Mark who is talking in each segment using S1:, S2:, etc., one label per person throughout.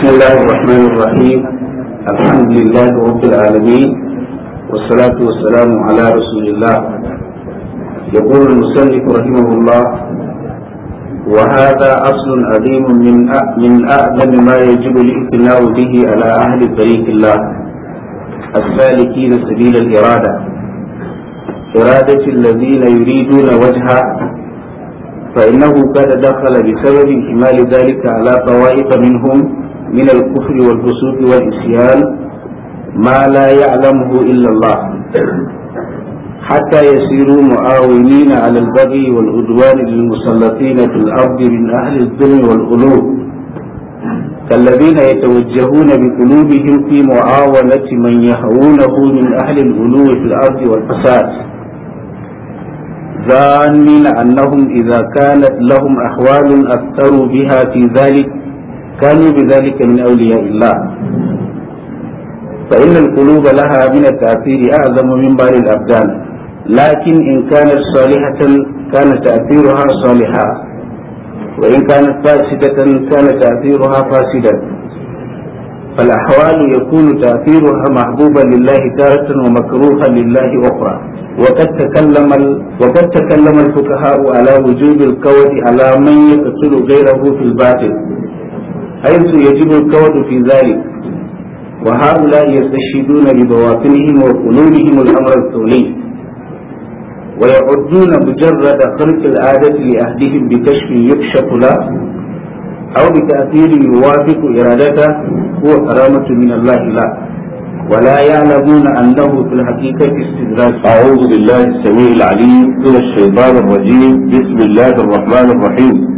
S1: بسم الله الرحمن الرحيم الحمد لله رب العالمين والصلاة والسلام على رسول الله يقول المسلك رحمه الله وهذا أصل عظيم من من أعظم ما يجب الاعتناء به على أهل طريق الله السالكين سبيل الإرادة إرادة الذين يريدون وجهه فإنه قد دخل بسبب إهمال ذلك على طوائف منهم من الكفر والفسوق والعصيان ما لا يعلمه إلا الله حتى يسيروا معاونين على البغي والعدوان للمسلطين في الأرض من أهل الظلم والغلو كالذين يتوجهون بقلوبهم في معاونة من يهوونه من أهل الغلو في الأرض والفساد ظانين أنهم إذا كانت لهم أحوال أثروا بها في ذلك كانوا بذلك من أولياء الله فإن القلوب لها من التأثير أعظم من بال الأبدان لكن إن كانت صالحة كان تأثيرها صالحا وإن كانت فاسدة كان تأثيرها فاسدا فالأحوال يكون تأثيرها محبوبا لله تارة ومكروها لله أخرى وقد تكلم وقد تكلم الفقهاء على وجوب القول على من يقتل غيره في الباطل حيث يجب الكون في ذلك وهؤلاء يستشهدون ببواطنهم وقلوبهم الأمر الكوني ويعدون مجرد خلق العادة لأهلهم بكشف يكشف له أو بتأثير يوافق إرادته هو كرامة من الله له ولا يعلمون أنه في الحقيقة استدراج أعوذ بالله السميع العليم من الشيطان الرجيم بسم
S2: الله الرحمن الرحيم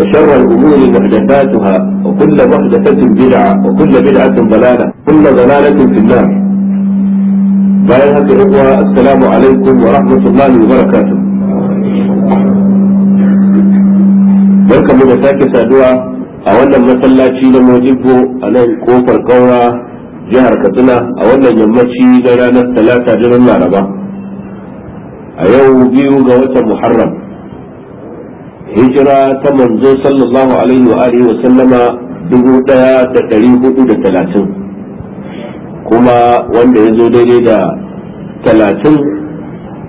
S2: وشر الأمور محدثاتها وكل محدثة بدعة وكل بدعة ضلالة كل ضلالة في النار بايها إخوة السلام عليكم ورحمة الله وبركاته barkamu da sake saduwa a wannan masallaci na mojibbo a nan kofar kaura jihar katsina a wannan yammaci na ranar talata jiran laraba a yau biyu ga watan muharram hijira ta manzo sallallahu alaihi wa alihi wa sallama dubu daya da dari hudu da talatin kuma wanda ya zo daidai da talatin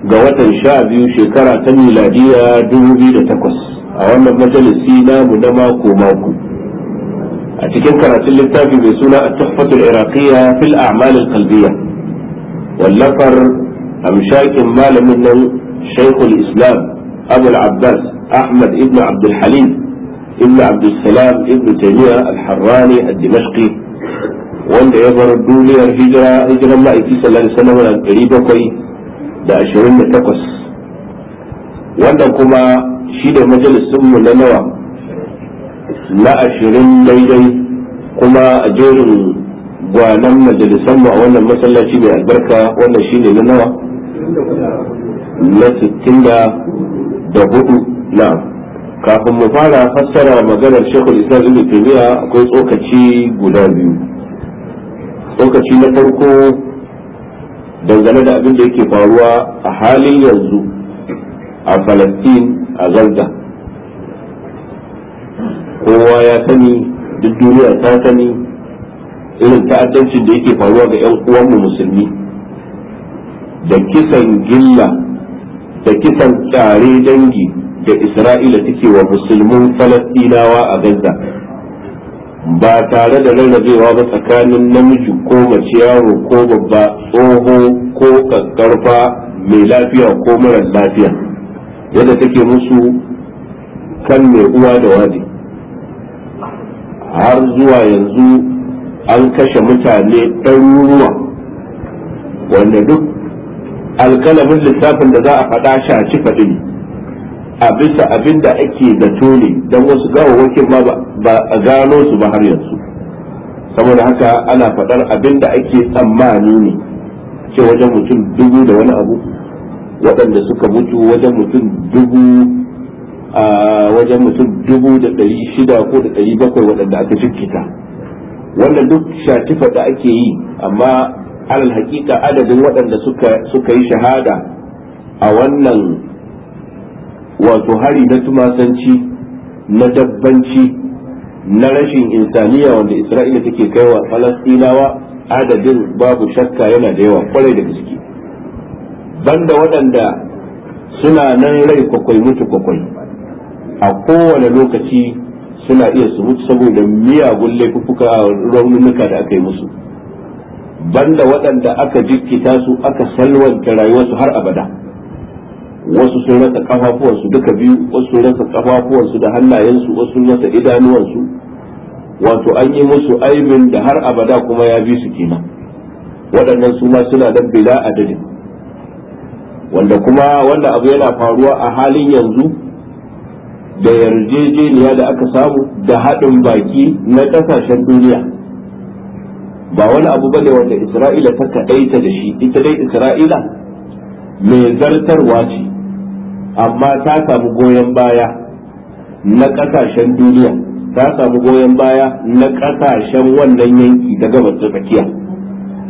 S2: ga watan sha biyu shekara ta miladiya dubu biyu da takwas a wannan majalisi namu na mako mako a cikin karatun littafi mai suna a tuhfatul fil a'malil wallafar amshakin malamin nan shaykhul islam abul abbas أحمد ابن عبد الحليم ابن عبد السلام ابن تيمية الحراني الدمشقي وان يبر الدولية الهجرة هجرة الله إكي صلى الله عليه وسلم القريبة كوي دا أشهرين تقص وان كما شيد مجلس سم لنوى لا أشهرين ليلي كما أجير gwanan majalisan mu a wannan masallaci mai albarka wannan shine na nawa na 64 na'am kafin mu fara fassara maganar shekul islam ibn taymiya akwai tsokaci guda biyu tsokaci na farko dangane da abin da yake faruwa a halin yanzu a falastin a gaza kowa ya sani duk duniya ta sani irin ta'addancin da yake faruwa ga 'yan uwanmu musulmi da kisan gilla da kisan tsare dangi da isra'ila take wa musulmin falastinawa a gaza ba tare da rarrabewa ba tsakanin namiji ko mace yaro ko babba tsoho ko kakkarfa mai lafiya ko mara lafiya yadda take musu kan mai uwa da waje. har zuwa yanzu an kashe mutane ɗaruruwa wanda duk alkalamin lissafin da za a faɗa shi a ci faɗi a bisa abin da ake da tone don wasu gawawakin ma ba a gano su ba har yanzu saboda haka ana faɗar abin da ake tsammani ne ce wajen mutum dubu da wani abu waɗanda suka mutu wajen mutum dubu a wajen mutum dubu da ɗari shida ko da ɗari bakwai waɗanda aka jikita wannan duk shatifa da ake yi amma alal hakika adadin waɗanda suka yi shahada a wannan wato hari na tumasanci na dabbanci na rashin insaniya wanda isra'ila take kai wa falastinawa adadin babu shakka yana da yawa kwarai da gaske banda waɗanda suna nan rai kwakwai mutu kwakwai a kowane lokaci suna iya su mutu saboda miyagun a raunuka da aka yi musu banda waɗanda aka jikita su aka salwanta rayuwarsu har abada wasu sun rasa kafafuwansu duka biyu wasu sun rasa kafafuwansu da hannayensu wasu sun rasa idanuwansu wato an yi musu aibin da har abada kuma ya bi su kenan waɗannan su ma suna da bila adadin wanda kuma wanda abu yana faruwa a halin yanzu da yarjejeniya da aka samu da haɗin baki na ƙasashen duniya ba wani abu bane wanda isra'ila ta kaɗaita da shi ita dai isra'ila mai zartarwa ce amma ta samu goyon baya na kasashen duniya ta samu goyon baya na kasashen wannan yanki da gabas ta tsakiya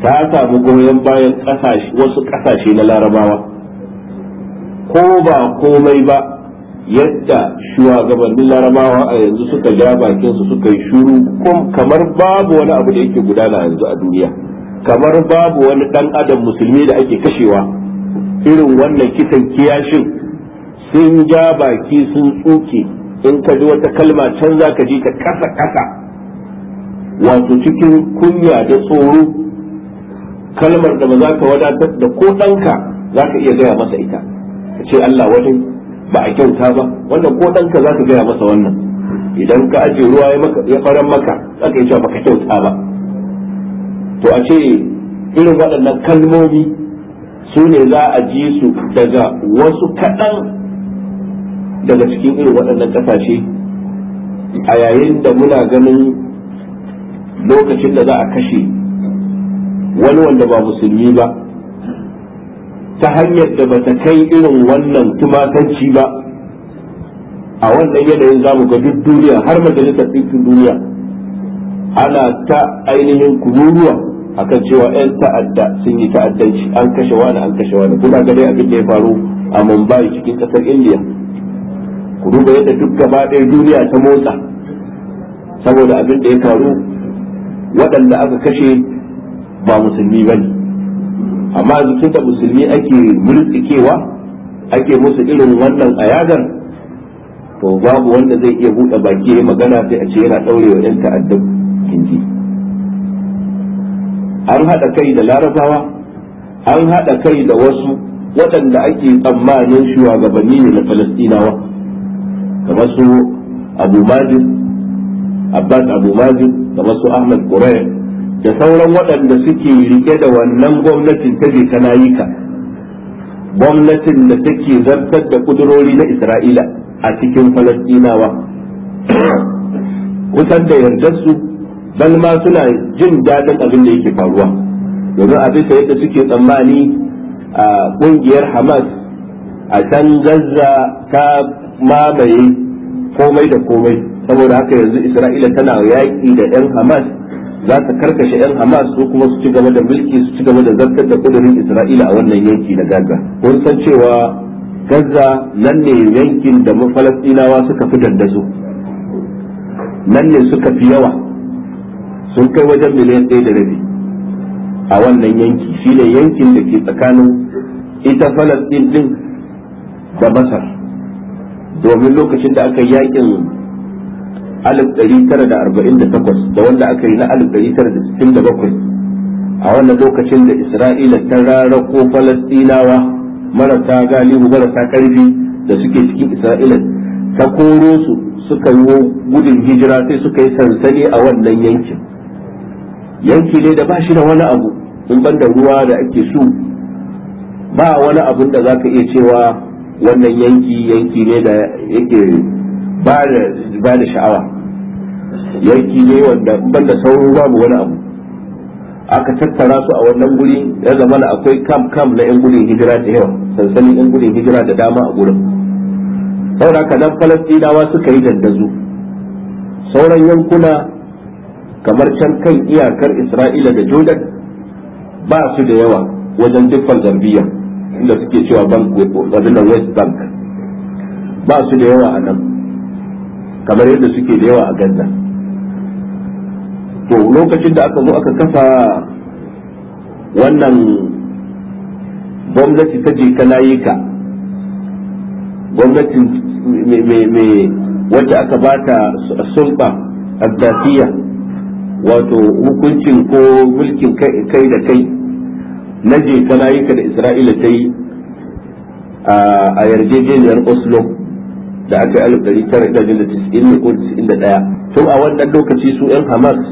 S2: ta samu goyon bayan wasu kasashe na larabawa ko ba komai ba yadda shugabannin larabawa a yanzu suka ja bakinsu suka yi shuru kamar babu wani abu da yake gudana yanzu a duniya kamar babu wani dan adam musulmi da ake kashewa irin wannan kitan kiyashin sun ja baki sun tsoke in ka ji wata kalma can za ka ji ta kasa kasa wato cikin kunya da tsoro kalmar da ba za ka wadatar da ko ɗanka za ka iya gaya masa ita ka ce Allah wajen ba a kyauta ba wannan ko ɗanka za ka gaya masa wannan idan ka aje ruwa ya faran maka za ka yi cewa ba ka kyauta ba to a ce irin waɗannan kalmomi su ne za a ji su daga wasu kaɗan daga cikin irin waɗannan ƙasashe a yayin da muna ganin lokacin da za a kashe wani wanda ba musulmi ba ta hanyar da bata kai irin wannan tumatanci ba a wannan yanayin zamu ga duk duniya har majalisar ɗinkin duniya ana ta ainihin kururuwa akan cewa 'yan ta'adda sun yi ta'addanci an kashe wani an kashe wani kuna ga dai abin da ya faru a Mumbai cikin ƙasar Indiya. ku duba yadda duk gaba ɗaya duniya ta motsa saboda abin da ya faru waɗanda aka kashe ba musulmi ba ne amma jikin da musulmi ake murtsikewa ake musu irin wannan ayagar to babu wanda zai iya buɗe baki ya magana sai a ce yana wa 'yan ta'adda kinji an haɗa kai da larabawa an haɗa kai da wasu waɗanda ake tsammanin shugabanni ne na falastinawa kamar su abu majid abbas abu majid kamar su ahmad kurai da sauran waɗanda suke rike da wannan gwamnatin ta je ta nayika gwamnatin da take zartar da kudurori na isra'ila a cikin falastinawa kusan da su bal ma suna jin daɗin abin da yake faruwa domin a bisa yadda suke tsammani a ƙungiyar hamas a can gaza ta mamaye komai da komai saboda haka yanzu isra'ila tana yaƙi da 'yan hamas za ta karkashe 'yan hamas su kuma su ci gaba da mulki su ci gaba da zartar da kudurin isra'ila a wannan yanki na gaza kun san cewa gaza nan ne yankin da falastinawa suka fi dandazo nan ne suka fi yawa sun kai wajen miliyan ɗaya da rabi a wannan yanki shi ne yankin da ke tsakanin ita falastin din da masar domin lokacin da aka yakin 1948 da wanda aka yi na 1967 a wannan lokacin da isra'ila ta ko falastinawa marasa galihu marasa karfi da suke cikin isra'ila ta koro su suka yi gudun hijira sai suka yi sansani a wannan yankin yanki ne da ba shi da wani abu in ban da ruwa da ake su ba wani abun da za ka iya cewa wannan yanki yanki ne da yake ba da sha'awa yanki ne wanda ban da sauro babu wani abu aka tattara su a wannan guri ya zama da akwai kam kam na yan gudun hijira da yawa sansanin yan gudun hijira da dama a gurin saboda haka nan falastinawa suka yi dandazo sauran yankuna kamar can kan iyakar isra'ila da jordan ba su da yawa wajen duk zarbiya inda suke cewa bank abin da west bank ba su da yawa a nan kamar yadda suke da yawa a gaza to lokacin da aka zo aka kafa wannan gwamnati ta je ka layika gwamnatin wacce aka bata sulba azzatiya wato hukuncin ko mulkin kai da kai na ka da isra'ila ta yi a yarjejeniyar oslo da aka yi alif ɗaya tun a wannan lokaci su yan hamas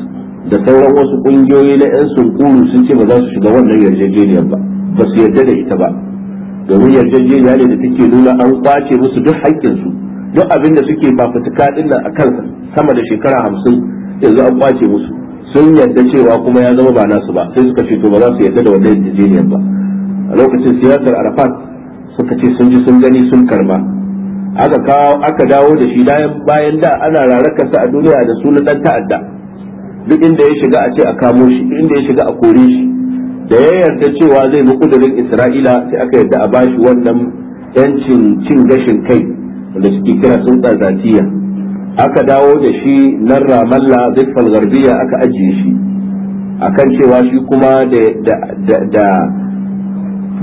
S2: da sauran wasu ƙungiyoyi na yan sunkuru sun ce ba za su shiga wannan yarjejeniyar ba ba su yarda da ita ba domin yarjejeniya ne da take nuna an kwace musu duk haƙƙinsu duk abin da suke ba fitika ɗin nan a kansa sama da shekara hamsin yanzu an kwace musu sun yarda cewa kuma ya zama ba nasu ba sai suka ce to ba za su yarda da wannan yarjejeniyar ba a lokacin siyasar arafat suka ce sun ji sun gani sun karba aka dawo da shi bayan da ana rarakarsa a duniya da sunan dan ta'adda duk inda ya shiga a ce a kamo shi inda ya shiga a kore shi da ya yarda cewa zai bi kudurin isra'ila sai aka yarda a bashi wannan yancin cin gashin kai wanda suke kira sun tsazatiya aka dawo da shi nan ramalla ziffal garbiya aka ajiye shi akan cewa shi kuma da da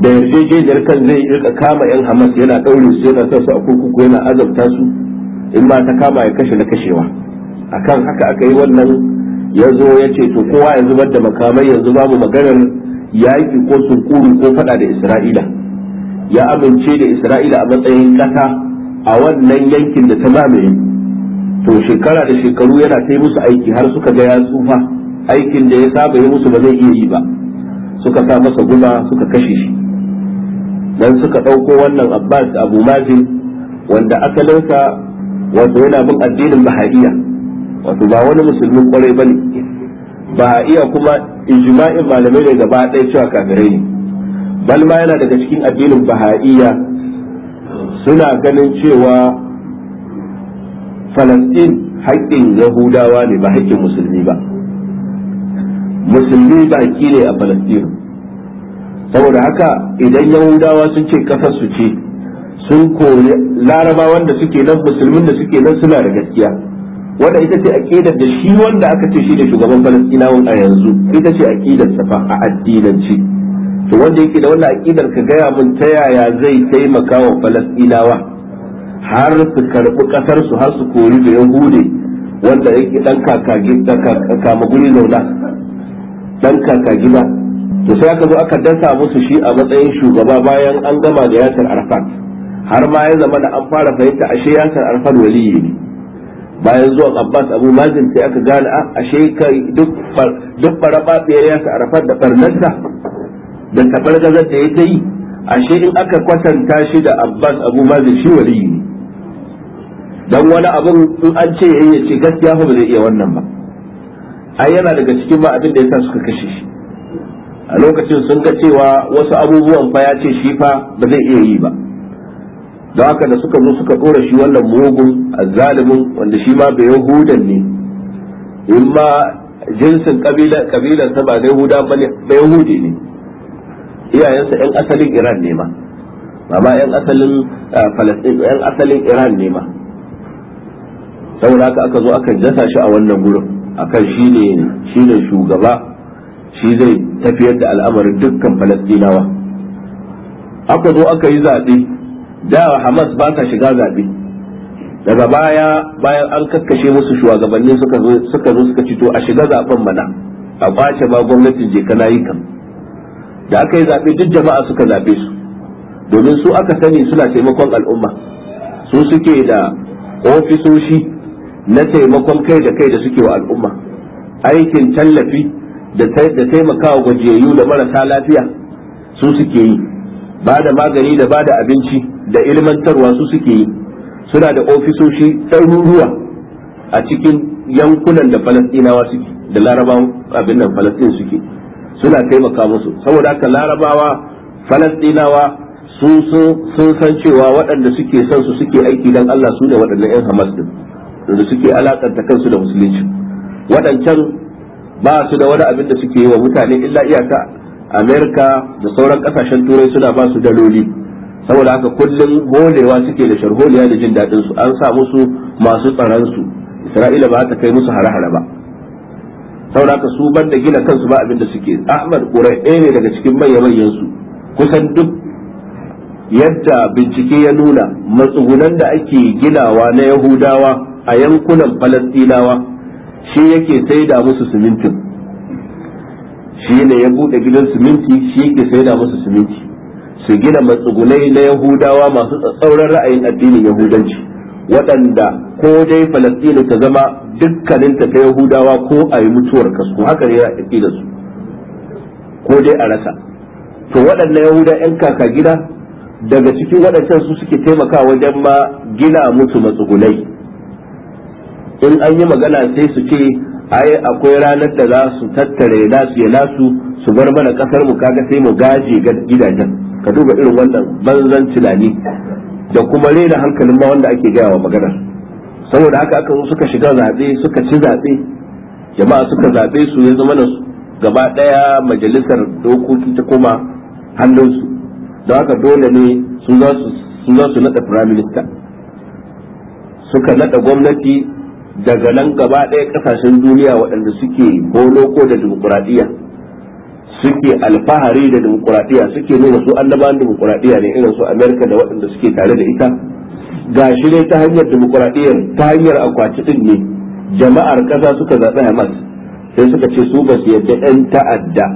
S2: yarjejeniyar kan zai rika kama yan hamas yana ɗaure su yana sa su a kurkuku yana azabta su in ba ta kama ya kashe na kashewa akan haka aka yi wannan ya zo ya ce to kowa ya zubar da makamai yanzu babu maganar yaƙi ko sunkuru ko faɗa da isra'ila ya amince da isra'ila a matsayin ƙasa a wannan yankin da ta mamaye to shekara da shekaru yana ta musu aiki har suka ga ya tsufa aikin da ya saba ya musu ba zai iya yi ba suka sa masa guba suka kashe shi dan suka ɗauko wannan abbas abu mazin wanda asalinsa wato yana bin addinin bahaiya wato ba wani musulmin kwarai ba ne iya kuma ijma'in malamai ne gaba ɗaya cewa kafirai ne bal yana daga cikin addinin bahaiya suna ganin cewa falastin haƙƙin yahudawa ne ba haƙƙin musulmi ba musulmi baki ne a falastin saboda haka idan yahudawa sun ce su ce sun kori Laraba wanda suke nan musulmin da suke nan suna da gaskiya wanda ita ce aƙidar da shi wanda aka ce shi da shugaban falastinawan a yanzu ita ce aƙidar safa a addinanci to wanda yake da wannan aƙidar ka gaya mun ta yaya zai taimaka wa falastinawa har su karɓi ƙasarsu su har su kori da yahude wanda yake dan kama guri dan kaka gida to sai aka zo aka dasa musu shi a matsayin shugaba bayan an gama da yasir arfat har ma ya zama da an fara fahimta ashe yasir arfat waliyi ne bayan zuwan abbas abu mazin sai aka gane a ah, ashe kai duk farababiyar yasir arfat da farnanta da gazar da ya ta yi ashe in aka kwatanta shi da abbas abu mazin shi waliyi ne dan wani abin in an ce ya ce gaskiya fa ba zai iya wannan ba ai yana daga cikin ba abin da yasa suka kashe shi a lokacin sun ga cewa wasu abubuwan fa ya ce shi fa ba zai iya yi ba don haka da suka zo suka dora shi wannan mugun azzalimin wanda shi ma bai yahudan ne in ma jinsin kabila kabilar sa ba yahuda bane ba yahudi ne iyayensa yan asalin iran ne ma ba ma asalin eh, falastin yan asalin iran ne ma saboda haka aka zo aka dasa shi a wannan gurin akan shi ne shi ne shugaba shi zai tafiyar da al'amarin dukkan falastinawa aka zo aka yi zaɓe da hamas ba ta shiga zaɓe daga baya bayan an kakkashe musu shugabanni suka zo suka cito, a shiga zaben mana a kwace ma gwamnatin je kana yi kam da aka yi zaɓe duk jama'a suka zaɓe su domin su aka sani suna taimakon al'umma su suke da ofisoshi na taimakon kai da kai da suke wa al'umma aikin tallafi da taimakawa gajiyayyu da marasa lafiya su suke yi ba da magani da ba da abinci da ilmantarwa su suke yi suna da ofisoshi ɗaruruwa a cikin yankunan da falastinawa suke da larabawan abin nan falastin suke suna taimaka musu saboda haka larabawa falastinawa sun san cewa waɗanda suke son su suke aiki don allah su ne waɗannan 'yan hamas din da suke alakanta kansu da musulunci waɗancan ba su da wani abin da suke yi wa mutane illa iyaka amerika da sauran ƙasashen turai suna ba su daloli saboda haka kullum holewa suke da sharholiya da jin daɗin su an sa musu masu tsaron su isra'ila ba ta kai musu hare-hare ba saboda haka su banda gina kansu ba abin da suke ahmad kurai ɗaya ne daga cikin manya-manyan su kusan duk yadda bincike ya nuna matsugunan da ake ginawa na yahudawa a yankunan falastinawa shi yake sai da musu simintin shi ne ya bude gidan siminti shi yake sai da musu siminti su gina matsugunai na yahudawa masu tsatsauran ra'ayin addinin yahudanci waɗanda ko dai falastina ta zama dukkaninta ta yahudawa ko a yi mutuwar kasko haka ne a da su ko dai a rasa to waɗannan yahuda 'yan kaka gida daga cikin waɗancan su suke taimaka wajen ma gina musu matsugunai in an yi magana sai su ce ai akwai ranar da za su tattare ya nasu su bar mana kasar mu kaga sai mu gaje gidajen ka duba irin wannan banzan tunani da kuma rena hankalin ma wanda ake gaya wa magana saboda haka aka suka shiga zaɓe suka ci zaɓe jama'a suka zaɓe su ya zama na gaba ɗaya majalisar dokoki ta koma hannunsu don haka dole ne su za su naɗa firaminista suka naɗa gwamnati daga nan gaba ɗaya ƙasashen duniya waɗanda suke boloko da dimokuraɗiyya suke alfahari da dimokuraɗiyya suke nuna su annabawan dimokuraɗiyya ne irin su amerika da waɗanda suke tare da ita ga shi ne ta hanyar dimokuraɗiyyar ta hanyar akwati ɗin ne jama'ar ƙasa suka zaɓi hamas sai suka ce su ba su yadda 'yan ta'adda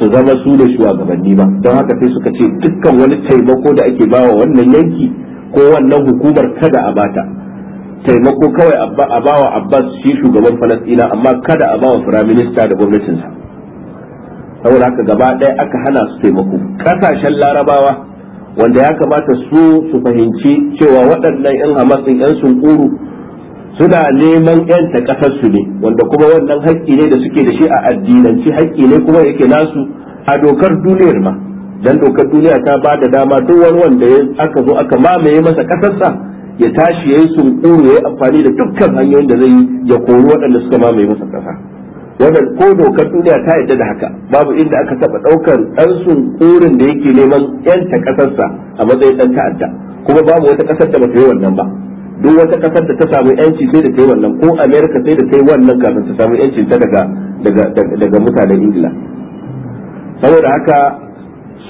S2: su zama su da shugabanni ba don haka sai suka ce dukkan wani taimako da ake bawa wannan yanki ko wannan hukumar kada a bata taimako kawai a bawa abbas shi shugaban falasdina amma kada a bawa firaminista da gwamnatinsa saboda haka gaba ɗaya aka hana su taimako ƙasashen larabawa wanda ya kamata su su fahimci cewa waɗannan 'yan hamasin 'yan sunkuru suna neman 'yanta ƙasarsu ne wanda kuma wannan haƙƙi ne da suke da shi a addinanci haƙƙi ne kuma yake nasu a dokar duniyar ma dan dokar duniya ta ba da dama duk wani wanda aka zo aka mamaye masa ƙasarsa ya tashi ya yi sunkuru ya yi amfani da dukkan hanyoyin da zai yi ya kori waɗanda suka mamaye masa ƙasa wannan ko dokar duniya ta yadda da haka babu inda aka taɓa ɗaukar ɗan sunkurin da yake neman ƴanta ƙasarsa a matsayin ɗan ta'adda kuma babu wata ƙasar da bata yi wannan ba duk wata ƙasar da ta samu yanci sai da ta yi wannan ko amerika sai da ta yi wannan kafin ta samu yancin ta daga daga mutanen ingila saboda haka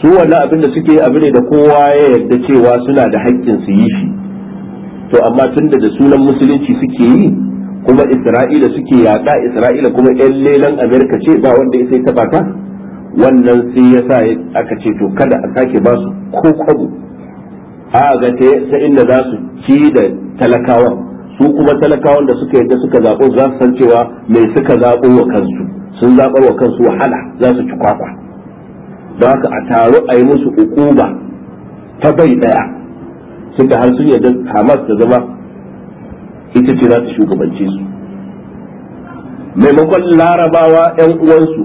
S2: su wannan abin da suke abu ne da kowa ya yarda cewa suna da haƙƙin su yi shi to amma tun da sunan musulunci suke yi kuma isra'ila suke yaƙa isra'ila kuma yan lelan amerika ce ba wanda ya sai taba ta wannan sai ya sa aka ce to kada a sake ba su ko kwabo a ga ta inda za su ci da talakawan su kuma talakawan da suka yadda suka zaɓo za su san cewa mai suka zaɓo wa kansu sun zaɓar wa kansu wahala za su ci kwakwa don haka a taro a yi musu hukuma ta bai ɗaya suka har sun yadda hamas ta zama ita ce za ta shugabance su maimakon larabawa 'yan uwansu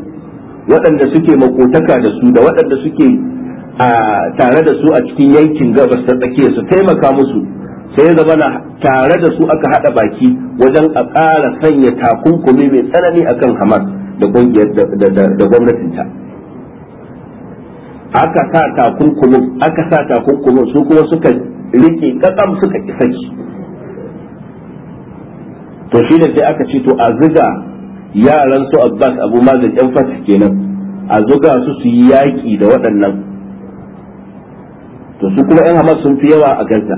S2: waɗanda suke makotaka da su da waɗanda suke tare da su a cikin yankin gabas ta tsakiya su taimaka musu sai ya zama tare da su aka haɗa baki wajen a ƙara sanya takunkumi mai tsanani akan hamas da da gwamnatinta aka sa takunkumin aka sa takunkumin su kuma suka rike kakam suka ki saki to shi da sai aka ce to a ziga yaran su Abbas Abu Mazin yan fata kenan a zuga su su yi yaki da waɗannan to su kuma yan Hamas sun fi yawa a Gaza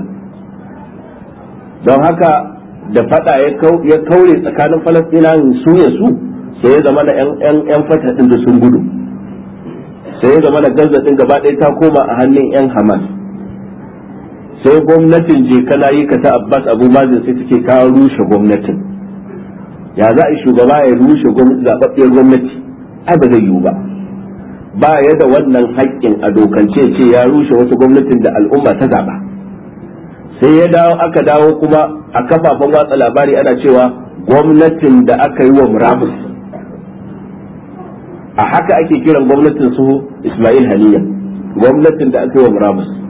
S2: don haka da fada ya kaure tsakanin Falastinawa su ya su sai ya zama na yan fata din da sun gudu sai ya zama na Gaza din gaba ɗaya ta koma a hannun yan Hamas sai gwamnatin je yi ka ta abbas abu mazin sai take ka rushe gwamnatin ya za a shugaba ya rushe zaɓaɓɓiyar gwamnati ai ba zai yiwu ba ba ya da wannan haƙƙin a dokance ce ya rushe wasu gwamnatin da al'umma ta zaɓa sai ya dawo aka dawo kuma a kafafen watsa labari ana cewa gwamnatin da aka yi wa murabus a haka ake kiran gwamnatin su ismail haniya gwamnatin da aka yi wa murabus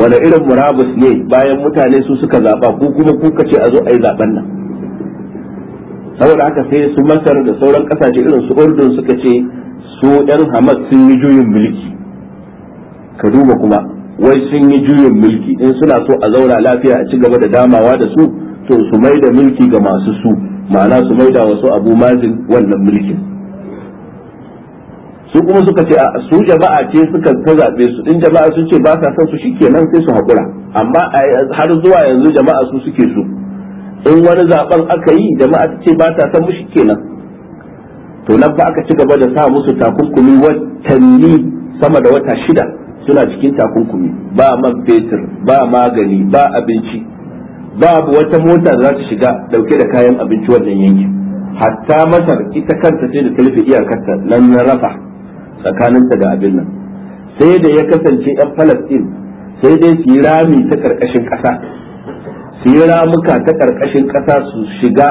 S2: wani irin murabus ne bayan mutane su suka zaɓa ko kuma kuka ce a zo a yi zaɓen nan saboda haka sai su masar da sauran kasashe irin su urdun suka ce su yan hamas sun yi juyin mulki ka duba kuma wai sun yi juyin mulki in suna so a zauna lafiya a ci gaba da damawa da su to su mai da mulki ga masu su ma'ana su mai da wasu abu mazin wannan mulkin su kuma suka ce su jama'a ce suka ta zaɓe su in jama'a sun ce ba sa son su shike nan sai su haƙura amma har zuwa yanzu jama'a su suke su in wani zaɓen aka yi jama'a ta ce ba ta son mu nan. to nan ba aka ci gaba da sa musu takunkumi watanni sama da wata shida suna cikin takunkumi ba man fetur ba magani ba abinci babu wata mota za ta shiga dauke da kayan abinci wannan yankin hatta masar ita kanta ce da ta rufe iyakarta nan na rafa tsakaninta da abin nan sai da ya kasance yan falastin sai dai su yi rami ta karkashin ƙasa su yi ramuka ta karkashin ƙasa su shiga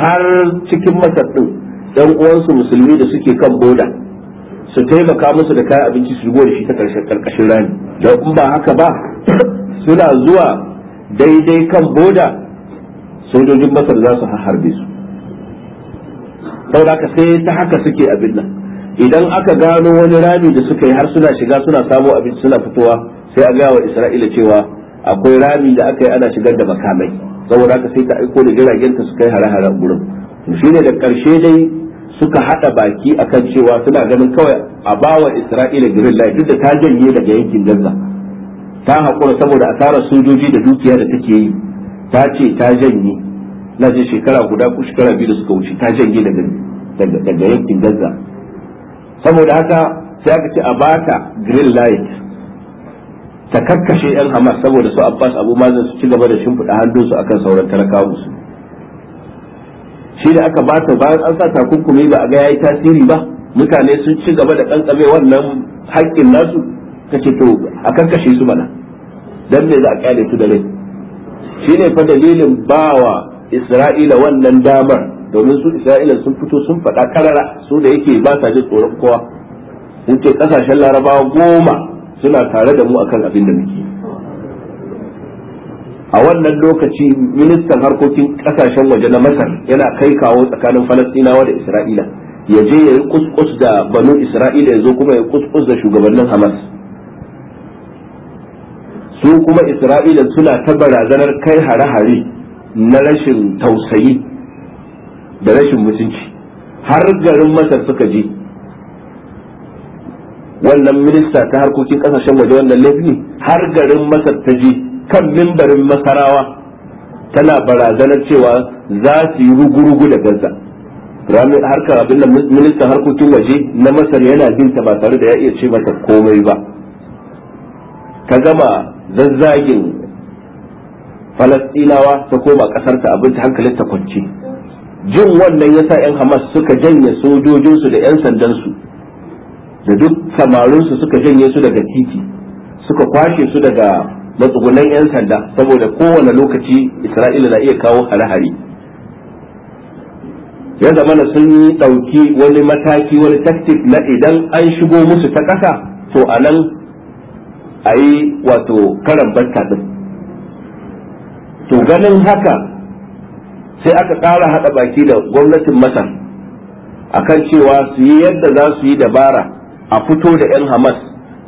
S2: har cikin masar ɗin yan uwansu musulmi da suke kan boda su taimaka musu da kayan abinci su shigo da shi ta karkashin rami da in ba haka ba suna zuwa daidai kan boda sojojin masar za su harbe su sau da haka sai ta haka suke abin nan idan aka gano wani rami da suka yi har suna shiga suna samo abinci suna fitowa sai a gaya wa isra'ila cewa akwai rami da aka yi ana shigar da makamai saboda haka sai ta aiko da jiragen ta su kai hare hare gurin shine da karshe dai suka hada baki akan cewa suna ganin kawai a bawa isra'ila green light duk da ta janye daga yankin gaza ta hakura saboda asarar sojoji da dukiya da take yi ta ce ta janye na je shekara guda ko shekara biyu da suka wuce ta janye daga yankin gaza saboda haka sai aka ce a bata green light ta karkashe yan hamas saboda su abbas abu mazan su ci gaba da shimfiɗa su akan sauran talakawa su shi da aka bata bayan an sa takunkumi ba a ga yayi tasiri ba mutane sun ci gaba da kankame wannan haƙƙin nasu kace to a karkashe su mana dan me za a kyale su da rai ne fa dalilin bawa isra'ila wannan damar domin su isra'ila sun fito sun faɗa karara su da yake ba sa jin tsoron kowa sun ce kasashen larabawa goma suna tare da mu akan abin da muke a wannan lokaci ministan harkokin ƙasashen waje na masar yana kai kawo tsakanin falastinawa da isra'ila ya je ya yi kuskus da banu isra'ila ya zo kuma ya kuskus da shugabannin hamas su kuma isra'ila suna ta barazanar kai hare-hare na rashin tausayi da rashin mutunci har garin masar suka je wannan minista ta harkokin kasashen waje wannan laifin har garin masar ta je kan mimbarin masarawa tana barazanar cewa za su yi rugurugu da gaza harkar abin da ministan harkokin waje na masar yana bin ta ba tare da ya iya ce mata komai ba ta gama zazzagin falastinawa ta koma kasarta abinci ta kwanci jin wannan yasa yan hamas suka janye sojojinsu da yan sandansu da duk samarinsu suka janye su daga titi suka kwashe su daga matsugunan yan sanda saboda kowane lokaci isra'ila na iya kawo hare-hare ya zama na sun ɗauki wani mataki wani tactic na idan an shigo musu ta ƙasa to a nan a wato karan to ganin haka sai aka ƙara haɗa baki da gwamnatin masar akan cewa su yi yadda za su yi dabara a fito da 'yan hamas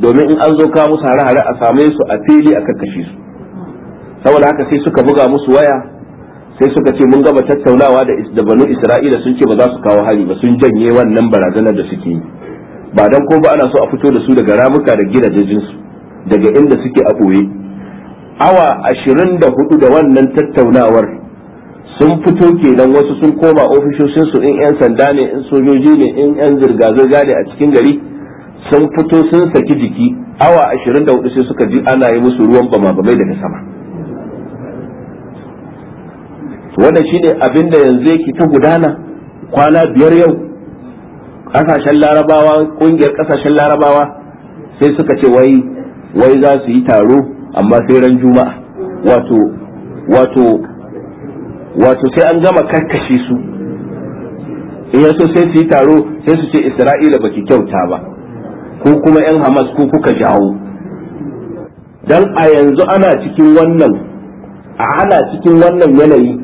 S2: domin in an zo kawo musu hare-hare a same su a fili a kakkashe su saboda haka sai suka buga musu waya sai suka ce mun gama tattaunawa da banu isra'ila sun ce ba za su kawo hari ba sun janye wannan barazanar da suke yi ba dan ko ba ana so a fito da su daga ramuka da gidajen su daga inda suke a boye awa ashirin da hudu da wannan tattaunawar sun fito kenan wasu sun koma ofishoshin in yan sanda ne in sojoji ne in yan zirga zirga ne a cikin gari sun fito sun saki jiki awa 24 sai suka ji ana yi musu ruwan bama bamai daga sama wannan shine abin da yanzu yake ta gudana kwana biyar yau kasashen larabawa kungiyar kasashen larabawa sai suka ce wai wai za su yi taro amma sai ran juma'a wato wato wato sai an gama karkashe su in yaso sai su yi taro sai su ce isra'ila ba ki kyauta ba ko kuma yan hamas ko kuka jawo dan a yanzu ana cikin wannan a ana cikin wannan yanayi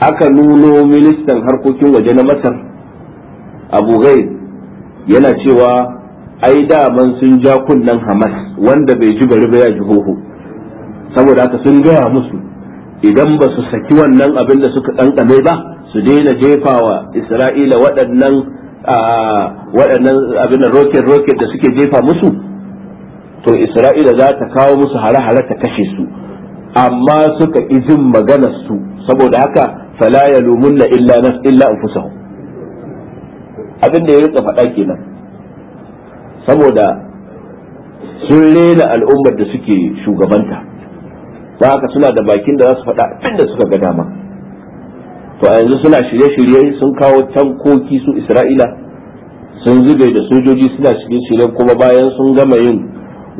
S2: aka nuno ministan harkokin waje na masar abu gai yana cewa ai daman sun ja kunnen hamas wanda bai ji bari ba ya ji hoho saboda haka sun gaya musu idan ba su saki wannan abin da suka kankame ba su daina wa isra'ila waɗannan waɗannan abin rocket rocket da suke jefa musu to isra'ila za ta kawo musu hare-hare ta kashe su amma suka izin maganar su saboda haka fala yalumunna illa nas illa abin da ya rika faɗa kenan saboda sun rena al'ummar da suke shugabanta don haka suna da bakin da za su faɗa abin da suka ga dama to a yanzu suna shirye-shirye sun kawo tankoki su isra'ila sun zube da sojoji suna shirye shirye kuma bayan sun gama yin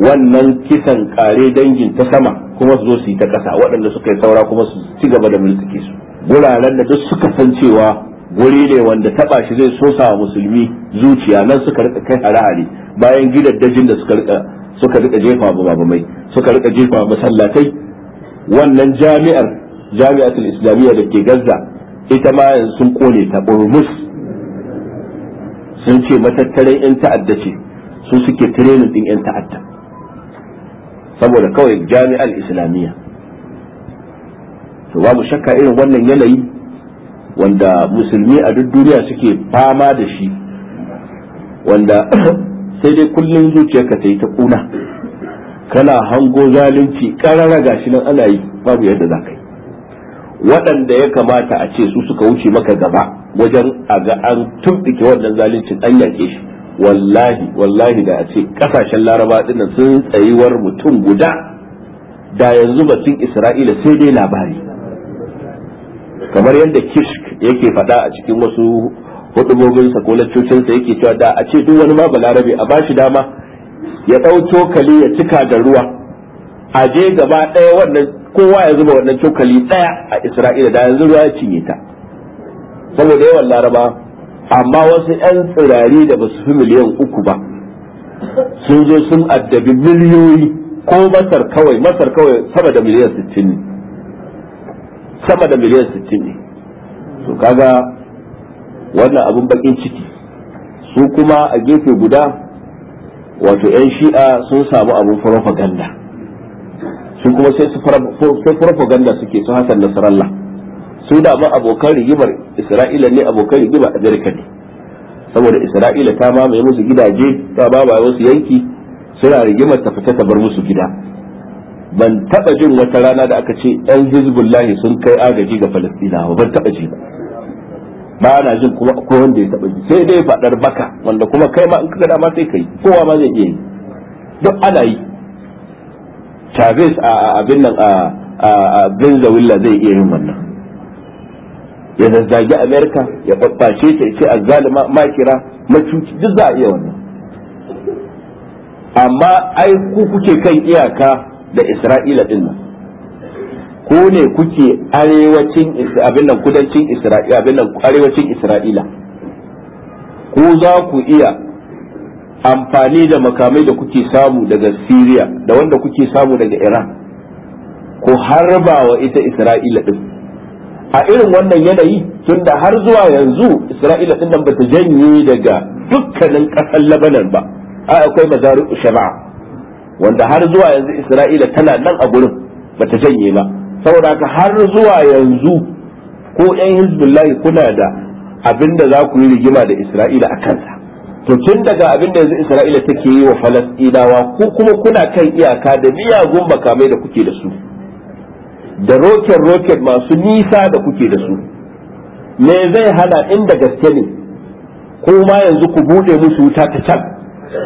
S2: wannan kisan kare dangin ta sama kuma su zo su yi ta ƙasa waɗanda suka yi saura kuma su ci gaba da mulki su guraren da duk suka san cewa guri ne wanda taba shi zai sosa wa musulmi zuciya nan suka rika kai hare-hare bayan dajin da suka rika suka rika jefa ba mai suka rika jefa masallatai wannan jami'ar jami'atul islamiyya da ke gaza ita ma sun kone ta burmus sun ce matattaran 'yan ta'adda ce su suke tirenin din 'yan ta'adda saboda kawai jami'ar islamiyya to babu shakka irin wannan yanayi wanda musulmi a duk duniya suke fama da shi wanda sai dai kullum zuciyarka ta yi ta kuna kana hango zalunci karara gashi nan ana yi babu yadda za ka yi waɗanda ya kamata a ce su suka wuce maka gaba wajen a ga an tumɓuke wannan zaluncin an yake shi wallahi wallahi da a ce ƙasashen laraba dinnan sun tsayuwar mutum guda da yanzu batun isra'ila sai dai labari kamar yadda kishk yake faɗa a cikin wasu hudubobinsa ko laccocinsa yake cewa da a ce duk wani ma balarabe a ba shi dama ya ɗau cokali ya cika da ruwa a je gaba ɗaya wannan kowa ya zuba wannan cokali ɗaya a isra'ila da yanzu ruwa ya cinye ta saboda yawan laraba amma wasu 'yan tsirari da ba su fi miliyan uku ba sun zo sun addabi miliyoyi ko masar kawai masar kawai sama da miliyan sittin ne sama da miliyan sittin ne to kaga wannan abin bakin ciki su kuma a gefe guda wato 'yan shi'a sun samu abin farfaganda su kuma sai su farfaganda suke su hasan nasarallah su da ma abokan rigimar isra'ila ne abokan rigimar amerika ne saboda isra'ila ta mamaye musu gidaje ta mamaye musu yanki suna rigimar ta fita ta bar musu gida ban taba jin wata rana da aka ce 'yan hizbullahi sun kai agaji ga falastinawa ban taba ji ba ba na jin kuma akwai wanda ya taba sai dai fadar baka wanda kuma kai ma in ka gada ma sai kai kowa ma zai iya yi duk ana yi Chavez a abin nan a Venezuela zai iya yin wannan ya zazzagi america ya babbace ta ce azzalima makira macuci duk za a iya wannan amma ai ku kuke kan iyaka da Isra'ila din ko ne kuke arewacin abin nan kudancin Isra'ila abin nan arewacin Isra'ila ko za ku iya amfani da makamai da kuke samu daga Syria da wanda kuke samu daga Iran ko harba wa ita Isra'ila din a irin wannan yanayi tunda har zuwa yanzu Isra'ila din nan bata janye daga dukkanin ƙasar Lebanon ba a akwai mazaru shama'a wanda har zuwa yanzu Isra'ila tana nan a gurin bata janye ba saboda ka har zuwa yanzu ko yan hizbullah kuna da abin da za ku yi rigima da isra'ila a kansa to tun daga abin da yanzu isra'ila take yi wa falasɗinawa ko kuma kuna kan iyaka da miyagun makamai da kuke da su da roket roket masu nisa da kuke da su me zai hana inda gaske ne ko ma yanzu ku buɗe musu wuta ta can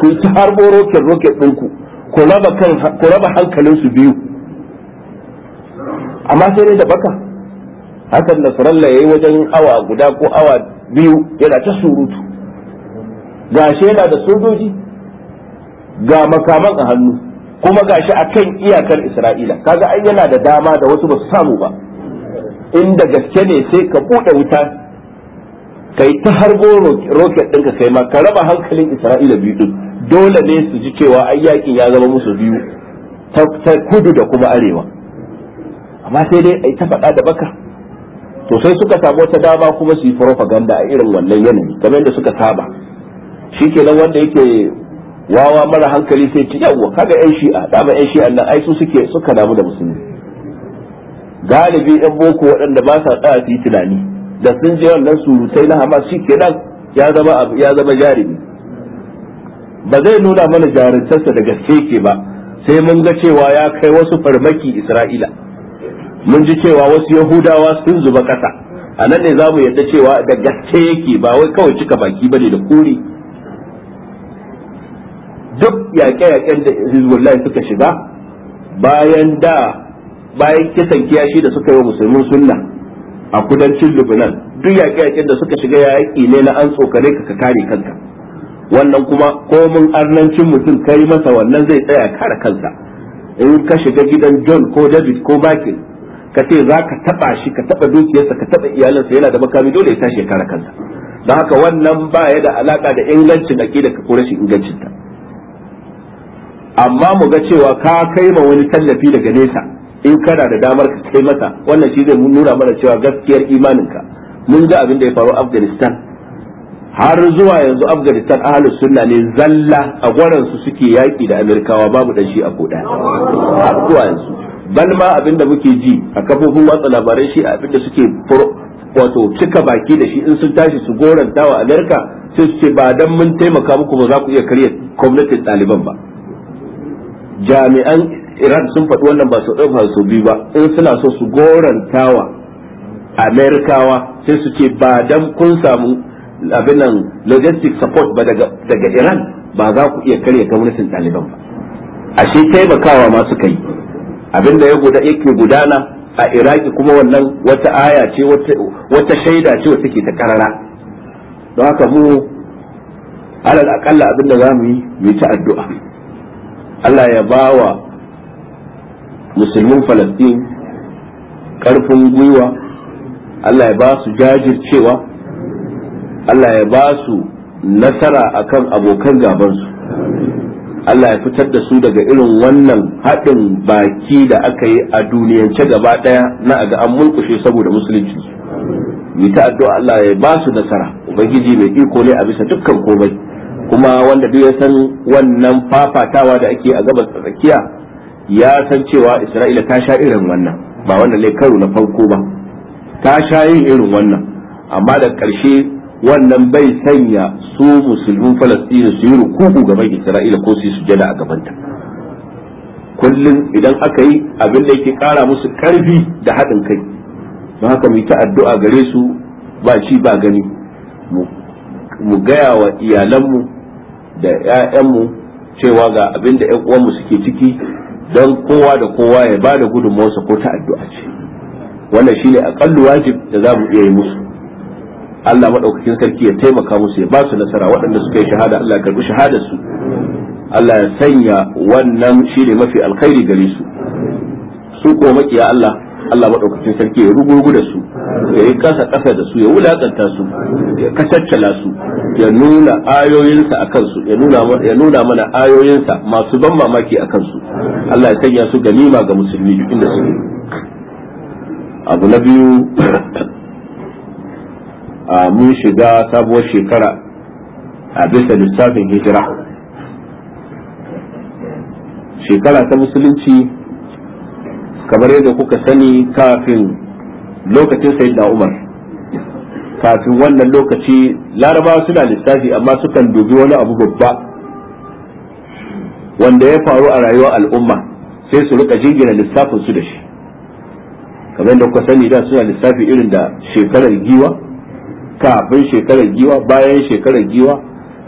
S2: ku yi ta harbo roket roket ɗinku ku raba hankalinsu biyu amma sai dai da baka hakan nasarallah ya yi wajen awa guda ko awa biyu yana ta surutu ga yana da sojoji ga makaman a hannu kuma gashi a kan iyakar isra'ila kaga an yana da dama da wasu ba su samu ba inda gaske ne sai ka buɗe wuta kai ta harbo roket ɗinka kai ma ka raba hankalin isra'ila biyu ɗin dole ne su ji cewa ayyakin ya zama musu biyu ta kudu da kuma arewa amma sai dai ai ta faɗa da baka to sai suka samu wata dama kuma su yi propaganda a irin wannan yanayi kamar da suka saba shikenan wanda yake wawa mara hankali sai ci yawwa kaga yan shi'a dama yan shi'a nan ai su suke suka damu da musulmi galibi yan boko waɗanda ba sa tsaya su yi tunani da sun je wannan surutai na hamas shikenan ya zama ya zama jarumi ba zai nuna mana jarumtarsa da gaske ke ba sai mun ga cewa ya kai wasu farmaki isra'ila mun ji cewa wasu yahudawa sun zuba kasa a nan ne za mu yadda cewa da gaske yake ba wai kawai cika baki ba ne da kuri duk yaƙe-yaƙen da hezbollah suka shiga bayan da bayan kisan kiyashi da suka yi wa musulmin sunna a kudancin lubnan duk yaƙe-yaƙen da suka shiga yaƙi ne na an tsokare ka kare kanka wannan kuma komin arnancin mutum kai masa wannan zai tsaya kare kansa in ka shiga gidan John ko David ko bakin. ka ce za ka taba shi ka taba dukiyarsa ka taba iyalinsa yana da makami dole ya tashi ya kare kansa don haka wannan ba ya da alaka da ingancin aqida ka ko rashin ingancin ta amma mu ga cewa ka kai ma wani tallafi daga nesa in kana da damar ka kai masa wannan shi zai nuna mana cewa gaskiyar imaninka mun ga abin da ya faru Afghanistan har zuwa yanzu Afghanistan ahlus sunna ne zalla a gwaran suke yaki da Amerikawa babu dan shi a koda har zuwa yanzu bal ma abin da muke ji a kafofin watsa labarai shi abin da suke wato cika baki da shi in sun tashi su goranta wa amerika sai su ce ba dan mun taimaka muku ba za ku iya karya gwamnatin ɗaliban ba jami'an iran sun faɗi wannan ba su ɗauka su biyu ba in suna so su goranta wa amerikawa sai su ce ba dan kun samu abin nan logistic support ba daga iran ba za ku iya karya gwamnatin ɗaliban ba ashe taimakawa ma suka yi abinda ya guda yake gudana a iraki kuma wannan wata aya ce wata shaida ce wata ke ta karara don haka mu alal akalla abinda za mu yi mu ta addu'a Allah ya ba wa musulmin falastin ƙarfin gwiwa Allah ya ba su jajircewa Allah ya ba su nasara akan abokan gabansu Allah ya fitar da su daga irin wannan haɗin baki da aka yi a duniyance gaba ɗaya na ga an mulkushe saboda musulunci yi ta addu'a Allah ya ba su nasara ubangiji mai iko ne a bisa dukkan komai kuma wanda duk ya san wannan fafatawa da ake a gabas tsakiya ya san cewa Isra'ila ta sha irin wannan ba wannan ne karo na farko ba ta sha yin irin wannan amma da ƙarshe wannan bai sanya su musulmin falastini su yi rukuku gaban isra'ila ko su yi sujada a gabanta kullum idan aka yi abin da yake kara musu karfi da haɗin kai don haka mu ta addu'a gare su ba ci ba gani mu gaya wa iyalanmu da 'ya'yanmu cewa ga abin da 'yan uwanmu suke ciki don kowa da kowa ya ba da gudunmawarsa ko ta addu'a ce wannan shine aƙallu wajib da za mu iya yi musu Allah madaukakin sarki ya taimaka musu ya ba su nasara waɗanda suka yi shahada Allah ya karbi shahadar su Allah ya sanya wannan shine mafi alkhairi gare su su ko makiya Allah Allah madaukakin sarki ya rugugu da su ya yi kasa kasa da su ya wulakanta su ya kacaccala su ya nuna ayoyinsa a kansu ya nuna ya nuna mana ayoyinsa masu ban mamaki a kansu Allah ya sanya su ganima ga musulmi inda suke abu na biyu mun shiga sabuwar shekara a bisa lissafin hijira shekara ta musulunci kamar yadda kuka sani kafin lokacin da umar kafin wannan lokaci larabawa suna lissafi amma sukan dubi wani abu babba wanda ya faru a rayuwar al'umma sai su rika jingina lissafin su da shi kamar yadda kuka sani da suna lissafi irin da shekarar giwa kafin shekarar giwa bayan shekarar giwa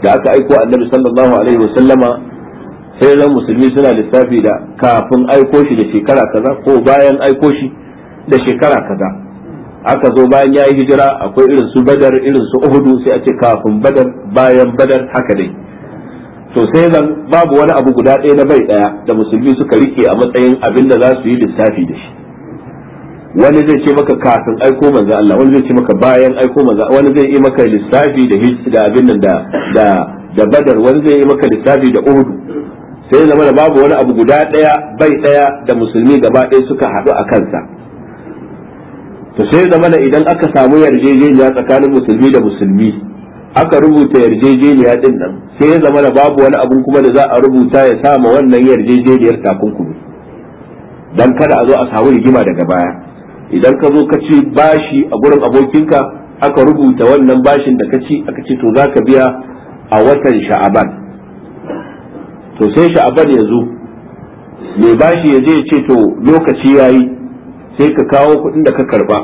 S2: da aka aiko annabi sallallahu alaihi wasallama sai ran musulmi suna lissafi da kafin aiko shi da shekara kaza ko bayan aiko shi da shekara kaza aka zo bayan ya yi hijira akwai irin su badar irin su uhudu sai a ce kafin badar bayan badar haka dai to sai zan babu wani abu guda ɗaya na bai ɗaya da musulmi suka rike a matsayin abin da za su yi lissafi da shi wani zai ce maka kafin aiko manzo Allah wani zai ce maka bayan aiko manzo wani zai yi maka lissafi da da abin nan da da da badar wani zai yi maka lissafi da uhud sai zama da babu wani abu guda daya bai daya da musulmi gaba ɗaya suka haɗu a kansa to sai zama da idan aka samu yarjejeniya tsakanin musulmi da musulmi aka rubuta yarjejeniya din nan sai zama da babu wani abun kuma da za a rubuta ya sa ma wannan yarjejeniyar takunkumi dan kada a zo a samu rigima daga baya idan ka zo ka ci bashi a gurin abokinka aka rubuta wannan bashin da ka ci aka ce to za ka biya a watan sha'aban to sai sha'aban ya zo mai bashi ya je ya ce to lokaci ya yi sai ka kawo kuɗin da ka karba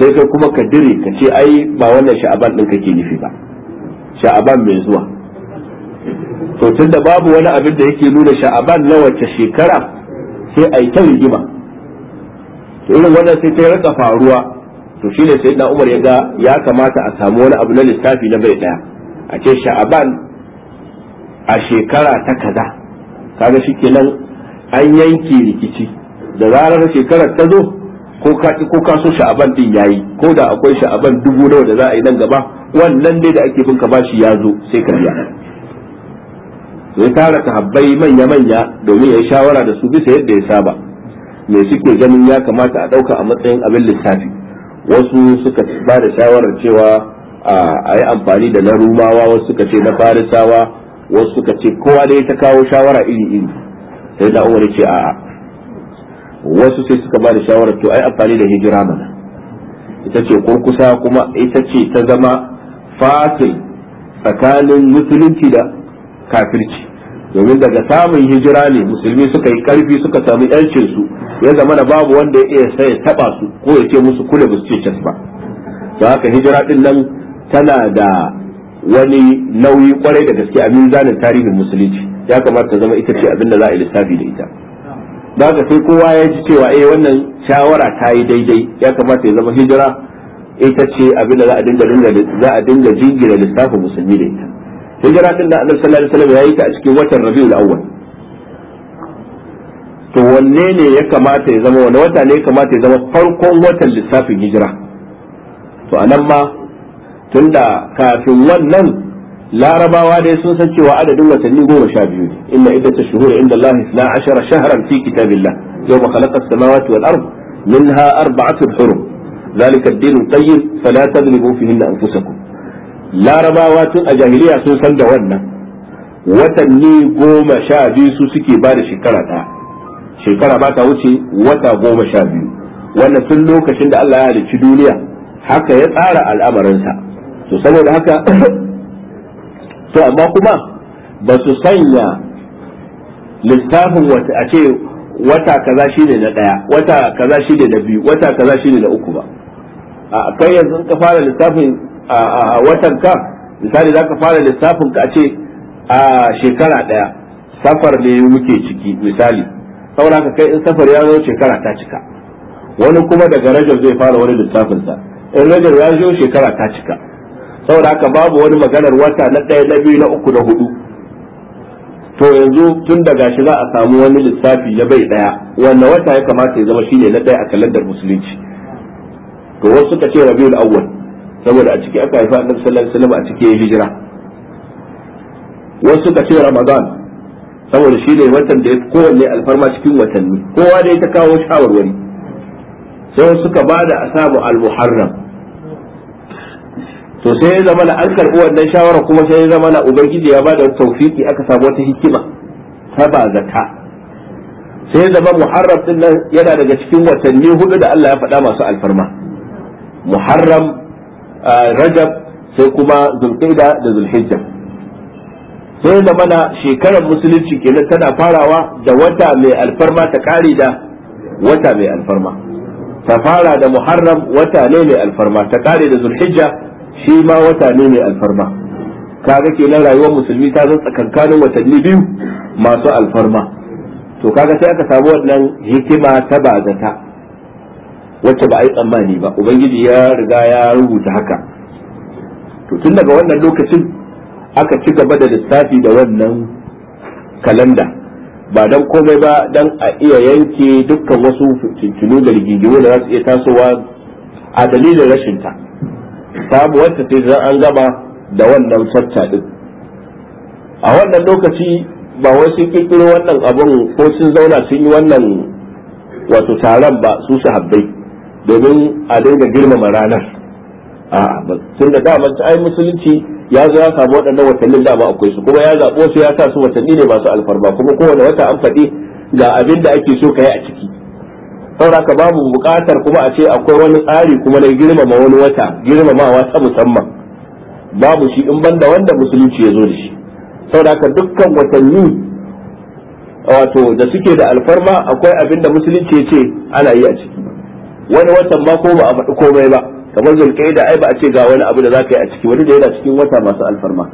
S2: sai kai kuma ka dire ka ce ai ba wannan sha'aban ɗin kake nufi ba sha'aban mai zuwa to tunda babu wani abin da yake nuna sha'aban na wacce shekara sai a yi ta rigima to irin wannan sai ta rika faruwa to shi ne sai umar ya ga ya kamata a samu wani abu na lissafi na bai daya a ce sha'aban a shekara ta kaza kaga nan an yanke rikici da zarar shekarar ta zo ko ka ko ka so sha'aban din yayi ko da akwai sha'aban dubu nawa da za a yi nan gaba wannan dai da ake bin ka bashi ya zo sai ka biya sai tara habbai manya manya domin ya yi shawara da su bisa yadda ya saba me suke ganin ya kamata a ɗauka a matsayin abin lissafi wasu suka ba da shawarar cewa a yi amfani da na rumawa wasu suka ce na farisawa wasu suka ce kowa dai ta kawo shawara iri iri sai na umar ce a'a wasu sai suka ba da shawarar to ai amfani da hijira mana ita ce kurkusa kuma ita ce ta zama fasil tsakanin musulunci da kafirci domin daga samun hijira ne musulmi suka yi karfi suka samu yancin su ya zama na babu wanda ya iya sai taba su ko ya ce musu kula ba ce cas ba to haka hijira din nan tana da wani nauyi kwarai da gaske a mizanin tarihin musulunci ya kamata ta zama ita ce abin da za a lissafi da ita Ba ka sai kowa ya ji cewa eh wannan shawara ta yi daidai ya kamata ya zama hijira ita ce abin da za a dinga za a dinga jingina lissafin musulmi da ita hijira din da annabi sallallahu alaihi wasallam yayi ta a cikin watan rabiul awwal to wanne ne ya kamata ya zama wanne wata ne ya kamata ya zama farkon watan lissafin hijira to anan ma tunda kafin wannan larabawa dai sun san cewa adadin watanni goma sha biyu ne inna ta shuhuri inda Allah 12 shahran fi kitabillah yawma khalaqa as-samawati wal ard minha arba'atun hurum ذلك الدين القيم فلا تظلموا فيهن انفسكم larabawa tun a jahiliya sun san da wannan watanni goma sha biyu su suke ba da shekara ta shekara ba ta wuce wata goma sha biyu wannan tun lokacin da Allah ya halicci duniya haka ya tsara al'amarinsa to saboda haka to amma kuma ba su sanya littafin wata a ce wata kaza shine na ɗaya wata kaza shine na biyu wata kaza shine na uku ba a kai yanzu ka fara littafin a watan ka misali za ka fara lissafin ka a ce a shekara daya safar ne muke ciki misali saboda ka kai in safar ya zo shekara ta cika wani kuma daga rajar zai fara wani lissafin sa in rajar ya zo shekara ta cika saboda haka babu wani maganar wata na ɗaya na biyu na uku na hudu to yanzu tun daga shi za a samu wani lissafi na bai ɗaya. wanda wata ya kamata ya zama shi ne na ɗaya a kalandar musulunci to wasu suka ce rabiul awwal saboda a ciki aka haifa annabi sallallahu alaihi wasallam a ciki ya hijira wasu suka ce ramadan saboda shi ne watan da ya kowanne alfarma cikin watanni kowa dai ta kawo shawarwari sai suka ba da asabu al-muharram to sai ya zama na an karɓi wannan shawara kuma sai ya zama na ubangiji ya ba da taufiki aka samu wata hikima ta ba zata sai ya zama muharram din nan yana daga cikin watanni hudu da Allah ya faɗa masu alfarma muharram rajab sai kuma zulqaida da zulhijja sai da mana shekarar musulunci kenan tana farawa da wata mai alfarma ta kare da wata mai alfarma ta fara da muharram wata ne mai alfarma ta kare da zulhijja shi ma wata ne mai alfarma kaga kenan rayuwar musulmi ta zo tsakankanin watanni biyu masu alfarma to kaga sai aka samu wannan hikima ta bazata wacce ba a yi tsammani ba ubangiji ya riga ya rubuta haka to tun daga wannan lokacin aka ci gaba da lissafi da wannan kalanda ba dan komai ba dan a iya yanke dukkan wasu cincinu da rigingimu da za su iya tasowa a dalilin rashin ta samu wacce sai zan an gaba da wannan sarta din a wannan lokaci ba wai sun kirkiro wannan abun ko sun zauna sun yi wannan wato taron ba su su sahabbai domin a daina girmama ranar a tun da daman ta ai musulunci ya zo ya samu waɗannan watannin dama akwai su kuma ya zaɓo su ya sa su watanni ne masu alfarma kuma kowane wata an faɗi ga abin da ake so ka yi a ciki ka babu buƙatar kuma a ce akwai wani tsari kuma na girmama wani wata girmamawa ta musamman babu shi in banda wanda musulunci ya zo da shi ka dukkan watanni wato da suke da alfarma akwai abin da musulunci ya ce ana yi a ciki wani watan ma ko ba a faɗi komai ba kamar da ai ba a ce ga wani abu da za ka yi a ciki wani da yana cikin wata masu alfarma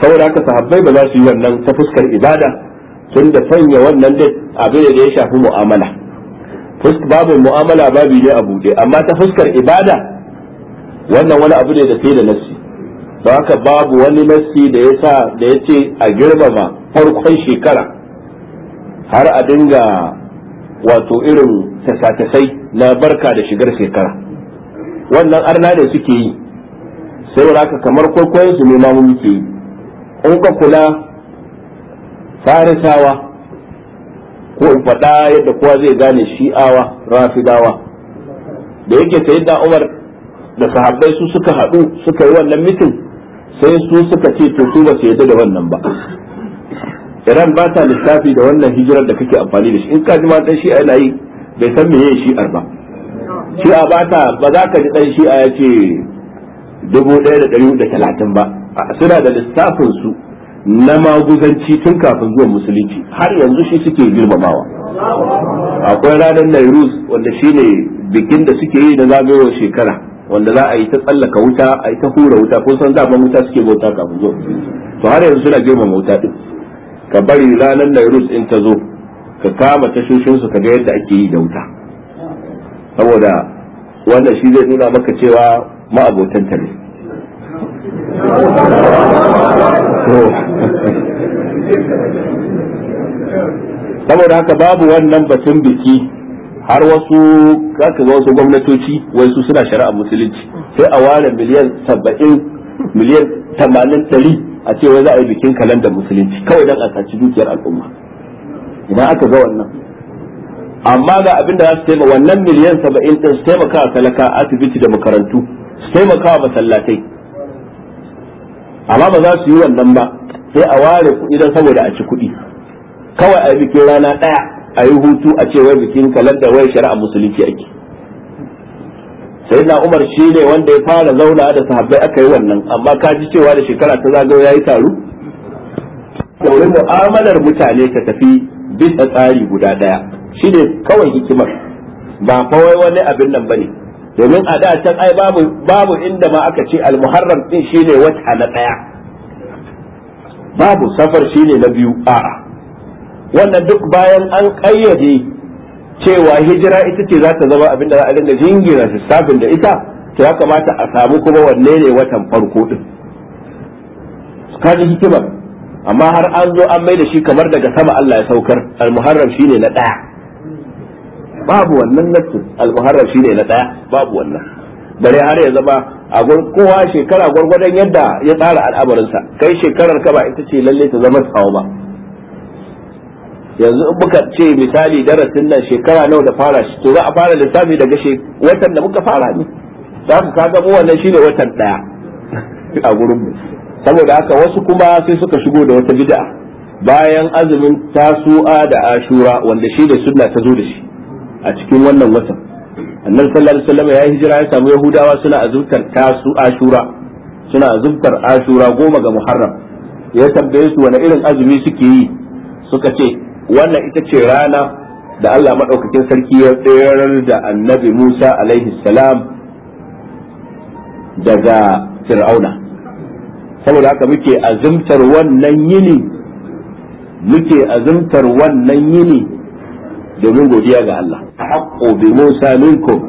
S2: saboda haka sahabbai ba za su yi wannan ta fuskar ibada tun da sanya wannan da abin da ya shafi mu'amala babu mu'amala babu ne a buɗe amma ta fuskar ibada wannan wani abu ne da sai da nassi don haka babu wani nassi da ya sa da ya ce a girmama farkon shekara har a dinga wato irin tasatasai na barka da shigar shekara wannan arna ne suke yi sai haka kamar kwaikwayon su ne mu muke yi in ka kula farisawa ko in faɗa yadda kowa zai gane shi'awa rafidawa da yake yi umar da sahabbai su suka haɗu suka yi wannan mitin sai su suka ce to su ba su yadda da wannan ba iran ba ta lissafi da wannan hijirar da kake amfani da shi in ka ji ma dan shi'a yana yi bai san meye shi'ar ba shi'a ba ta ba za ka ji dan shi'a ya ce dubu ɗaya da ɗari da talatin ba suna da lissafin su na maguzanci tun kafin zuwa musulunci har yanzu shi suke girmamawa akwai ranar nairus wanda shi ne bikin da suke yi na zagayowar shekara wanda za a yi ta tsallaka wuta a yi ta hura wuta kun san daman wuta suke bauta kafin zuwa to har yanzu suna girmama wuta din ka bari ranar nairus in ta zo ka kama tashoshinsu ka ga yadda ake yi da wuta saboda wannan shi zai nuna maka cewa ma'abotanta ta ne saboda haka babu wannan batun biki har wasu kaka ga wasu gwamnatoci wai su suna shari'a musulunci sai a ware miliyan saba'in miliyan tamanin ɗari a ce wai za a yi bikin kalandar musulunci kawai da a saci dukiyar al'umma idan aka ga wannan amma ga abin da za su taimaka wannan miliyan saba'in din su taimaka a talaka asibiti da makarantu su taimaka wa masallatai amma ba za su yi wannan ba sai a ware kuɗi don saboda a ci kuɗi kawai a yi bikin rana ɗaya a yi hutu a ce wai bikin kalandar wai shari'a musulunci ake sai na umar shi ne wanda ya fara zauna da sahabbai aka yi wannan amma ka ji cewa da shekara ta zagaya ya yi taru da mu'amalar mutane ta tafi bisa tsari guda daya shi ne kawai hikimar ba kawai wani abin nan bane domin a da can ai babu babu inda ma aka ce al-muharram din shine wata na daya babu safar shine na biyu a'a wannan duk bayan an kayyade cewa hijira ita ce za ta zama abin da za a dinga jingina lissafin da ita to ya kamata a samu kuma wanne ne watan farko din Ka ji hikimar amma har an zo an mai da shi kamar daga sama Allah ya saukar al-muharram shine na daya babu wannan nassin al-muharram shine na daya babu wannan bare har ya zama a kowa shekara gwargwadon yadda ya tsara al'amarinsa kai shekarar ka ba ita ce lalle ta zama tsawo ba yanzu in muka ce misali darasin nan shekara nawa da fara shi to za a fara lissafi daga watan da muka fara ne za ku kaga mu wannan shine watan daya a gurin mu saboda haka wasu kuma sai suka shigo da wata bid'a bayan azumin tasu'a da ashura wanda shi da sunna ta zo da shi a cikin wannan watan annal sallallahu alaihi wasallam ya hijira ya samu yahudawa suna azumtar tasu ashura suna azumtar ashura goma ga muharram ya tambaye su wani irin azumi suke yi suka ce wannan ita ce rana da Allah maɗaukakin sarki ya tsayar da annabi Musa alaihi salam daga fir'auna saboda haka muke azumtar wannan yini muke azumtar wannan yini domin godiya ga Allah haqqo bi Musa minkum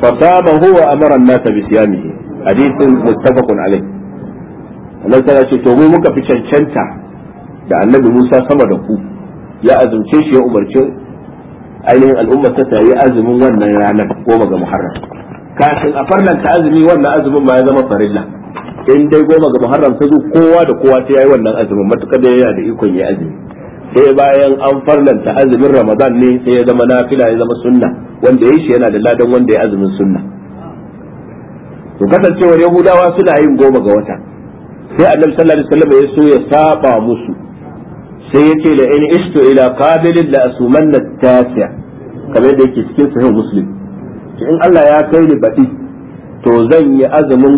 S2: fa sama huwa amara an-nas bi siyamihi hadithun muttafaqun alayh Allah ta ce to mu muka fi cancanta da annabi Musa sama da ku ya azumce shi ya umarci ainihin al'ummar ta tayi azumin wannan ranar goma ga muharram kafin a ta azumi wannan azumin ma ya zama farilla in dai goma ga muharram ta zo kowa da kowa ta yayi wannan azumin matukar da yana da ikon ya azumi sai bayan an ta azumin ramadan ne sai ya zama nafila ya zama sunna wanda ya shi yana da ladan wanda ya azumin sunna to kasancewar yahudawa suna yin goma ga wata sai annabi sallallahu alaihi wasallam ya so ya saba musu sai yace la in ishtu ila qabilin la asumanna tasi'a kamar da yake cikin sahih muslim in Allah ya kai ni baɗi to zan yi azumin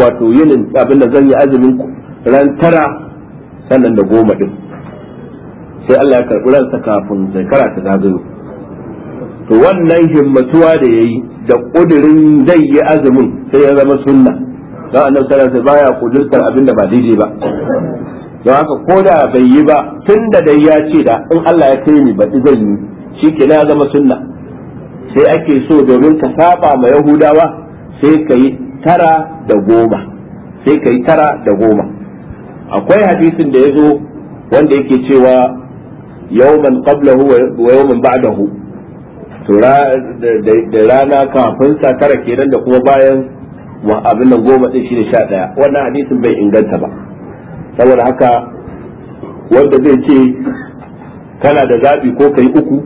S2: wato yinin abin da zan yi azumin ran tara sannan da goma din sai Allah ya karɓi ransa kafin shekara ta zagayo to wannan himmatuwa da yayi da kudirin zai yi azumin sai ya zama sunna dan nan sallallahu alaihi baya kudurtar abin da ba daidai ba don haka ko da bai yi ba tun da dai ya ce da in Allah ya kai ni baɗi zan yi shi ke na zama sunna sai ake so domin ka saba ma yahudawa sai ka yi tara da goma sai ka yi tara da goma akwai hadisin da ya zo wanda yake cewa yawman qablahu wa yawman ba'dahu to da rana kafin sa tara kenan da kuma bayan abin nan goma din shi sha ɗaya wannan hadisin bai inganta ba saboda haka wanda zai ce kana da zaɓi ko kai uku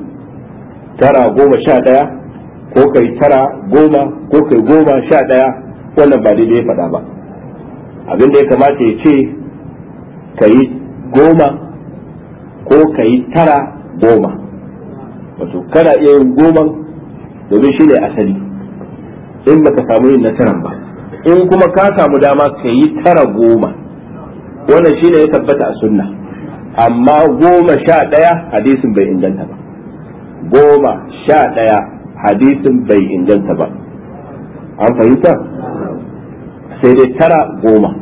S2: tara goma sha ɗaya ko kai tara goma ko kai goma sha ɗaya wannan ba daidai ya faɗa ba abin da ya kamata ya ce ka yi goma ko ka yi tara goma wato kana iya yin goma domin shi ne asali in baka samu yin nasarar ba in kuma ka samu dama ka yi tara goma wannan shine ya tabbata a sunna amma goma sha ɗaya hadisin bai inganta ba goma sha ɗaya hadisin bai inganta ba an fahimta sai dai tara goma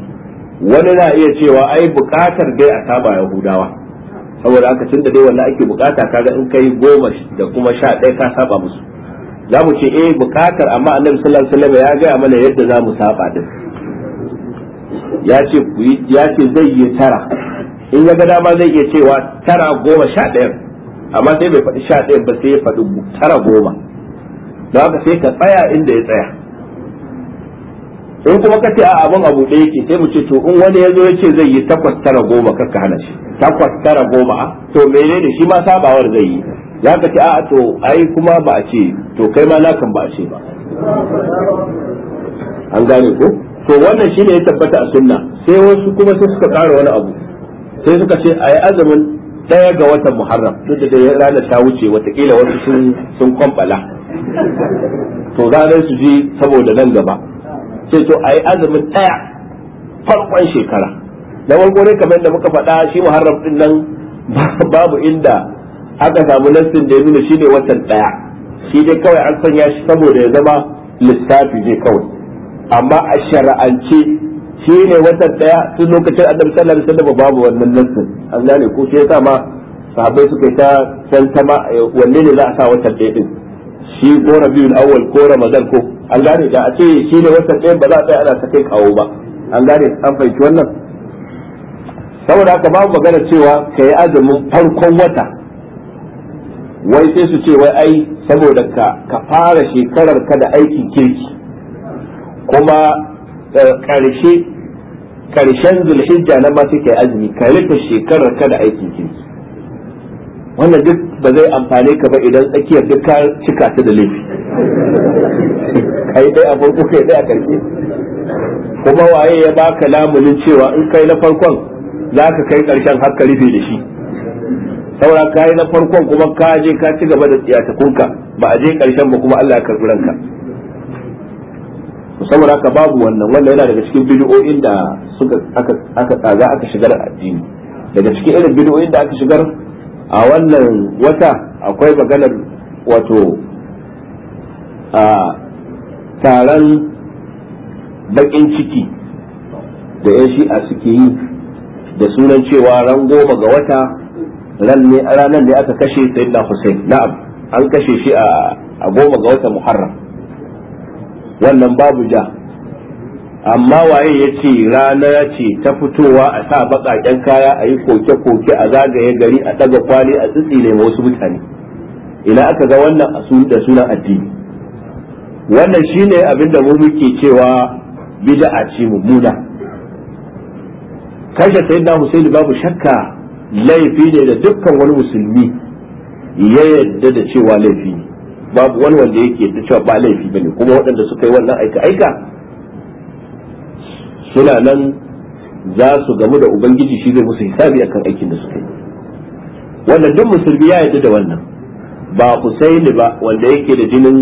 S2: wani na iya cewa ai buƙatar dai a saba yahudawa saboda aka tun da dai wannan ake bukata kaga in kai goma da kuma sha ɗaya ka saba musu za mu ce eh bukatar amma annabi sallallahu alaihi wasallam ya gaya mana yadda za mu saba din ya ce ya ce zai yi tara in ya ga dama zai iya cewa tara goma sha ɗaya amma sai bai faɗi sha ɗaya ba sai ya faɗi tara goma don haka sai ka tsaya inda ya tsaya in kuma ka ce a abin abu ɗaya yake sai mu ce to in wani ya zo ya ce zai yi takwas tara goma kakka hana shi takwas tara goma me to menene shi ma sabawar zai yi za ka ce a to ai kuma ba a ce to kai ma nakan ba a ce ba an gane ko to wannan shi ne ya tabbata a sunna sai wasu kuma sai suka ƙara wani abu sai suka ce a yi azumin ɗaya ga watan muharram duk da rana ta wuce watakila wasu sun sun kwambala to ranar su ji saboda nan gaba sai to a yi azumin ɗaya farkon shekara na farko kamar da muka faɗa shi muharram ɗin nan babu inda aka samu nassin da ya nuna shi ne watan ɗaya shi dai kawai an sanya shi saboda ya zama lissafi ne kawai amma a shari'ance shi ne wata daya tun lokacin annabi sallallahu alaihi wasallam babu wannan nassin an gane ko sai yasa ma sahabbai suka yi ta tantama eh, wanne ne za a sa wata daya din shi ko rabiul awwal ko ramadan ko an gane da a ce shi ne wata daya ba za a tsaya ana ta kai kawo ba an gane an fahimci wannan saboda haka babu magana cewa ka yi azumin farkon wata wai sai su ce wai ai saboda ka ka fara shekarar ka da aikin kirki kuma eh, ƙarshe ƙarshen zulhijja nan ma suke azumi ka rufe shekarar kada aikin kirki wannan duk ba zai amfane ka ba idan tsakiyar duk ka cika ta da laifi kai dai a farko kai dai a karshe kuma waye ya baka lamunin cewa in kai na farkon za ka kai karshen har ka rufe da shi saura kai na farkon kuma ka je ka ci gaba da tsiyatakun ba a je karshen ba kuma Allah ya ruranka. ranka saboda haka babu wannan wannan yana daga cikin bid'o'in da suka aka tsaga aka shigar addini daga cikin irin bid'o'in da aka shigar a wannan wata akwai maganar wato a taron bakin ciki da yan shi'a suke yi da sunan cewa ran goma ga wata ranar ne aka kashe sayyidina Hussein na'am an kashe shi a goma ga wata Muharram wannan babu ja amma waye ya ce rana ce ta fitowa a sa baƙaƙen kaya a yi koke-koke a zagaye gari a ɗaga kwali a tsitsi ne wasu mutane ina aka ga wannan a da sunan addini wannan shine abin da mu muke cewa bid'a ce mummuna kashe sayyidina Husaini babu shakka laifi ne da dukkan wani musulmi ya yadda da cewa laifi ne babu wani wanda yake da cewa ba laifi bane kuma waɗanda suka yi wannan aika aika suna nan za su gamu da ubangiji shi zai musu hisabi akan aikin da suka yi wannan duk musulmi ya yadda da wannan ba ku sai ni ba wanda yake da jinin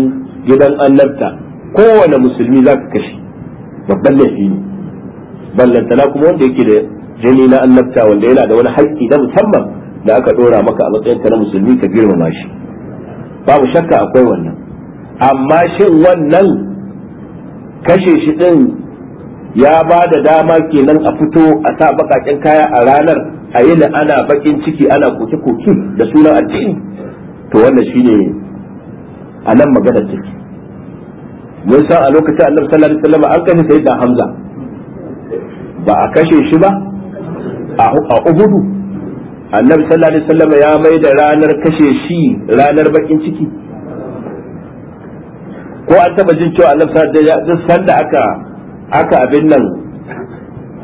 S2: gidan annabta kowane musulmi za ka kashe babban laifi ne ballantana kuma wanda yake da jini na annabta wanda yana da wani haƙƙi na musamman da aka ɗora maka a matsayinka na musulmi ka girmama shi babu shakka akwai wannan amma shin wannan kashe shi din ya ba da dama kenan a fito a sa bakakin kaya a ranar a yi ana bakin ciki ana koke koki da sunan addini to wannan shine a nan maganar ciki. mun san a lokacin annabi sallallahu alaihi wasallam an kashe sayyidina hamza ba a kashe shi ba a uhudu annabi sallallahu alaihi wasallam ya mai da ranar kashe shi ranar bakin ciki ko an taba jin cewa annabi sallallahu alaihi wasallam sanda aka aka abin nan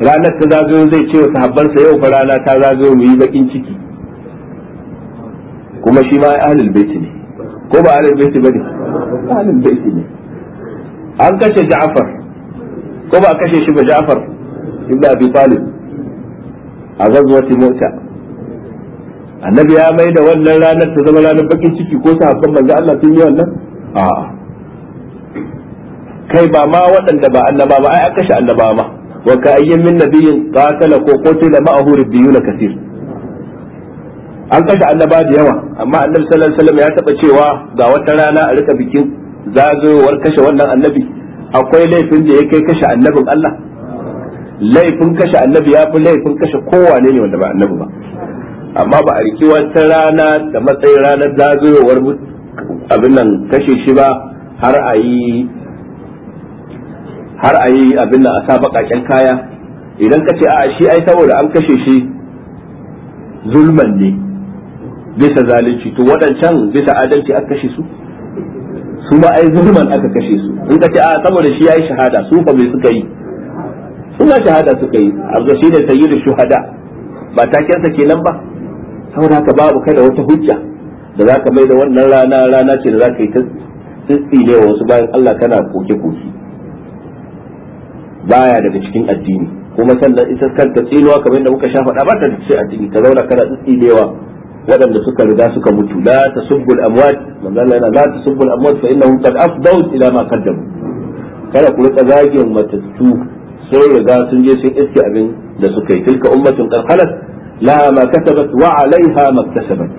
S2: ranar ta zagayo zai ce wa sahabbansa yau fa rana ta zagayo mu yi bakin ciki kuma shi ma ahlul bait ne ko ba ahlul bait bane ahlul bait ne an kashe Ja'far ko ba kashe shi ba Ja'far ibn Abi Talib a gazwati Mu'tah annabi ya mai da wannan ranar ta zama ranar bakin ciki ko su sahabban manzo Allah sun yi wannan a'a kai ba ma waɗanda ba annaba ba ai aka shi annaba ma wa ka ayyin min nabiyyin qatala ko qutila ma'ahu rabbiyuna kaseer an kashe annaba da yawa amma annabi sallallahu alaihi wasallam ya taba cewa ga wata rana a rika bikin zagayowar kashe wannan annabi akwai laifin da ya kai kashe annabin Allah laifin kashe annabi ya fi laifin kashe kowane ne wanda ba annabi ba amma ba a riki wata rana da matsayin ranar zagayowar abin nan kashe shi ba har a yi har a yi abin nan a sa baƙaƙen kaya idan ka ce a shi ai saboda an kashe shi zulman ne bisa zalunci to waɗancan bisa adalci aka kashe su su ma ai zulman aka kashe su in ka ce a saboda shi yayi shahada su fa bai suka yi suna shahada suka yi abu shi ne sayyidu shuhada ba taken sa kenan ba saboda haka babu kada wata hujja da za ka mai da wannan rana rana ce da za ka yi ta tsitsile wa wasu bayan Allah kana koke-koke baya daga cikin addini kuma sannan ita kanta tsinuwa kamar da muka sha faɗa ba ta cikin addini ka zauna kana tsitsilewa waɗanda suka riga suka mutu la tasubbu al-amwat manzo Allah yana la tasubbu al-amwat fa innahum qad afdaw ila ma qaddamu kada ku rika zagin matattu sun riga sun je sun iske abin da suka yi tilka ummatun qad la ma katabat wa alaiha ma kasabat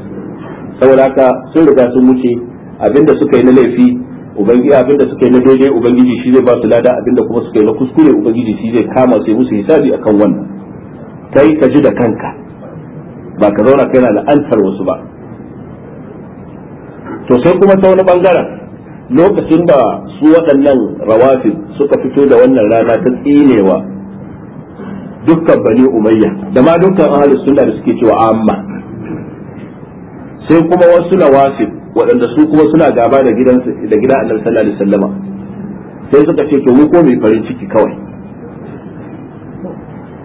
S2: saboda haka sun riga sun wuce abinda suka yi na laifi ubangiji abinda suka yi na doje ubangiji shi zai ba su lada abinda kuma suka yi na kuskure ubangiji shi zai kama su musu hisabi akan wannan kai ka ji da kanka ba ka zauna kai na la'antar wasu ba to sai kuma ta wani bangaren lokacin da su waɗannan rawafin suka fito da wannan rana ta tsinewa dukkan bani umayya da ma dukkan ahli sunna da suke cewa amma sai kuma wasu nawasib waɗanda su kuma suna gaba da gidan da gidan Annabi sallallahu alaihi wasallama sai suka ce to mu ko mai farin ciki kawai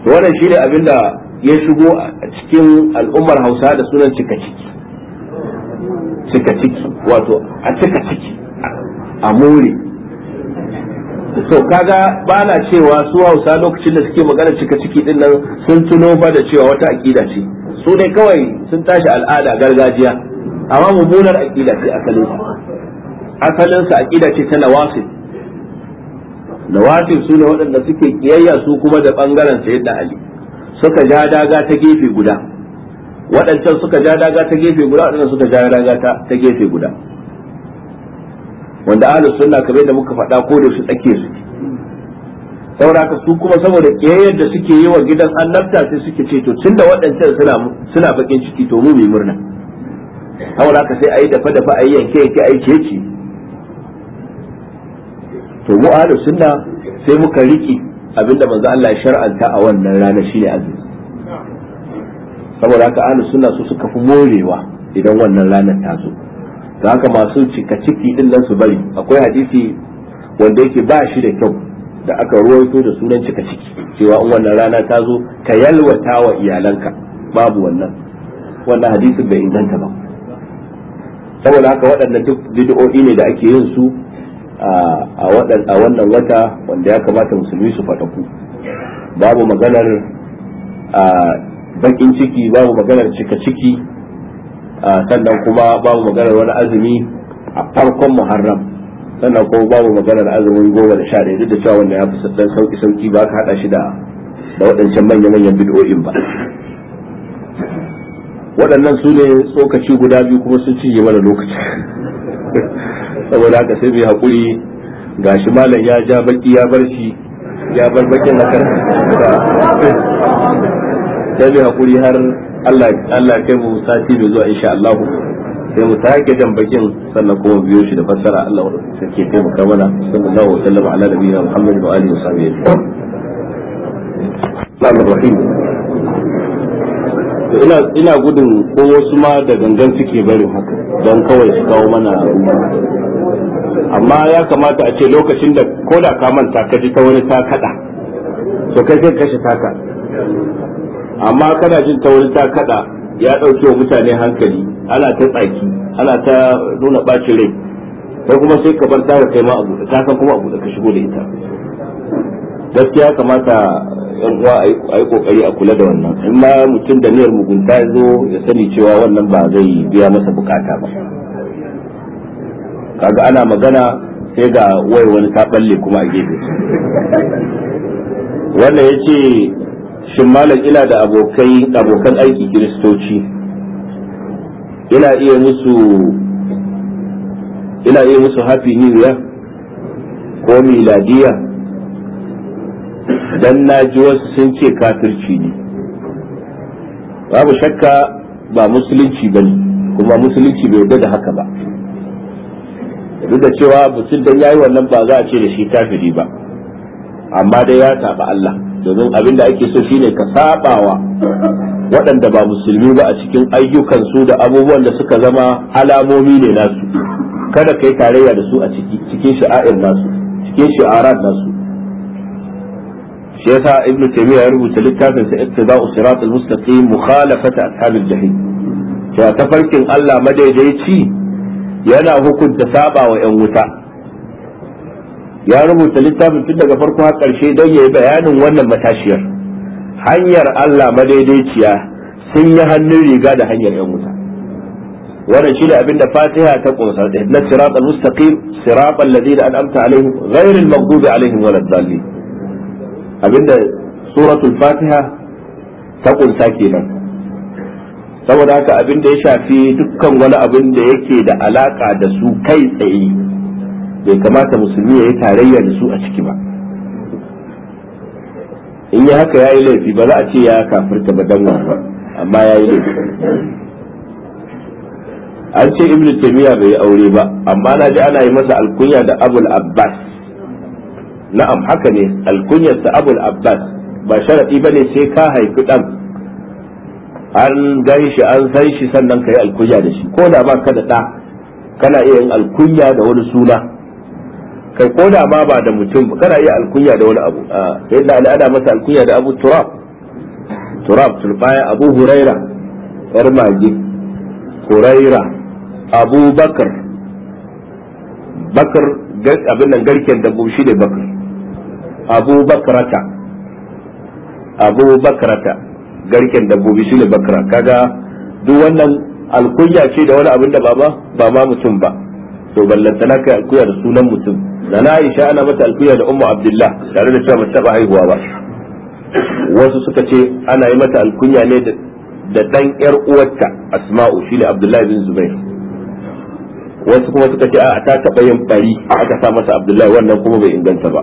S2: to wannan shine abin da ya shigo a cikin al'ummar Hausa da sunan cika ciki cika ciki wato a cika ciki a more to kaga ba na cewa su hausa lokacin da suke magana cika ciki din nan sun tuno ba da cewa wata aƙida ce su dai kawai sun tashi al'ada gargajiya amma mummunar aƙida ce asalin asalin su aƙida ce ta nawasib nawasib su ne waɗanda suke kiyayya su kuma da bangaren da ali suka ja daga ta gefe guda waɗancan suka ja daga ta gefe guda waɗannan suka ja daga ta gefe guda wanda ahlus sunna kamar yadda muka faɗa ko da su tsake su saboda haka su kuma saboda kiyayyar da suke yi wa gidan annabta sai suke ce to tun da waɗancan suna suna bakin ciki to mu mai murna saboda haka sai ayi dafa dafa ayi yanke yanke ayi ceci to mu ahlus sunna sai muka riki abinda manzo Allah ya shar'anta a wannan rana shine azumi saboda haka ahlus sunna su suka fi morewa idan wannan ranar ta zo da haka masu cika ciki din nan su bari akwai hadisi wanda yake ba shi da kyau da aka ruwaito da sunan cika ciki cewa in wannan rana ta zo ka yalwata wa iyalanka babu wannan wannan hadisin bai inganta ba saboda haka waɗannan duk bid'o'i ne da ake yin su a wannan wata wanda ya kamata musulmi su fataku babu maganar bakin ciki babu maganar cika ciki Ah, sannan kuma babu maganar wani azumi a farkon muharram sannan kuma babu maganar azumin goma da sha ɗaya duk da cewa wanda ya fi dan sauki sauki ba ka haɗa shi da da waɗancan manya manyan bid'o'in ba waɗannan su ne tsokaci guda biyu kuma sun cinye mana lokaci saboda haka sai mai haƙuri gashi malam ya ja baki ya bar shi ya bar bakin na kan sai mai haƙuri har Allah Allah kai mu sati da zuwa insha Allah sai mu sake jan bakin sannan kuma biyo shi da fassara Allah wanda kai taimaka mana sallallahu alaihi wa sallam ala nabiyina Muhammad wa alihi wa sahbihi Allahumma rahim ina ina gudun ko wasu ma da gangan suke barin haka don kawai su kawo mana amma ya kamata a ce lokacin da ko da ka manta ka ji ta wani ta kada to kai sai kashe taka amma kana jin taurin ta kada ya dauke wa mutane hankali ana ta tsaki ana ta nuna ɓacin rai sai kuma sai ka bar taka kai ma abu ta san kuma abu da ka shigo da ita gaskiya kamata yan uwa a yi kokari a kula da wannan in ma mutum da niyyar mugunta ya zo ya sani cewa wannan ba zai biya masa bukata ba kaga ana magana sai ga wai wani ta balle kuma a gefe wannan ya ce shin malam ina da abokai abokan aiki kiristoci ina iya musu ina iya musu happy new year ko miladiya dan na ji wasu sun ce kafirci ne babu shakka ba musulunci ba ne kuma musulunci bai yarda da haka ba duk da cewa mutum dan yayi wannan ba za a ce da shi kafiri ba amma dai ya tafi Allah domin abin da ake so shine ka sabawa waɗanda ba musulmi ba a cikin ayyukansu da abubuwan da suka zama alamomi ne nasu kada ka yi tarayya da su a cikin sha'air nasu cikin shi'arat nasu shi yasa ibn taymiya ya rubuta littafin sa ittiba'u sirat al-mustaqim mukhalafata ashabil jahim tafarkin Allah madaidaici yana hukunta saba 'yan wuta ya rubuta littafin tun daga farko har ƙarshe don ya yi bayanin wannan matashiyar hanyar Allah madaidaiciya sun yi hannun riga da hanyar yan wuta wannan shi ne abinda fatiha ta ƙunsa da na sirat al-mustaqim sirat alladhi da an'amta alaihim ghayr al-maghdubi alaihim wal dallin abinda suratul fatiha ta ƙunsa kenan saboda haka abinda ya shafi dukkan wani abin yake da alaka da su kai tsaye bai kamata musulmi ya yi tarayya da su a ciki ba in yi haka ya yi laifi ba za a ce ya kafirta ba dan ba amma ya yi laifi an ce ibn tamiya bai yi aure ba amma na ji ana yi masa alkunya da abul abbas na'am haka ne alkunyar abul abbas ba sharadi bane sai ka haifi dan an gan shi an san shi sannan ka yi alkunya da shi ko da ba ka da ɗa kana iya yin alkunya da wani suna kai ko da ma ba da mutum kana iya alkunya da wani abu ah. sai da ali ana masa alkunya da abu turab turab tulbaya abu huraira yar maji huraira abu bakar bakar abin nan garken dabbobi shi ne bakar abu bakrata abu bakrata garken dabbobi shi ne bakra kaga duk wannan alkunya ce da wani abin da ba ba ma mutum ba to ballantana kai alkunya da sunan mutum da na Aisha ana mata alkuya da Umma Abdullah tare da cewa mata ba haihuwa ba wasu suka ce ana yi mata alkunya ne da dan yar uwarta Asma'u shine Abdullah bin Zubair wasu kuma suka ce a ta taɓa yin bari aka sa masa Abdullahi wannan kuma bai inganta ba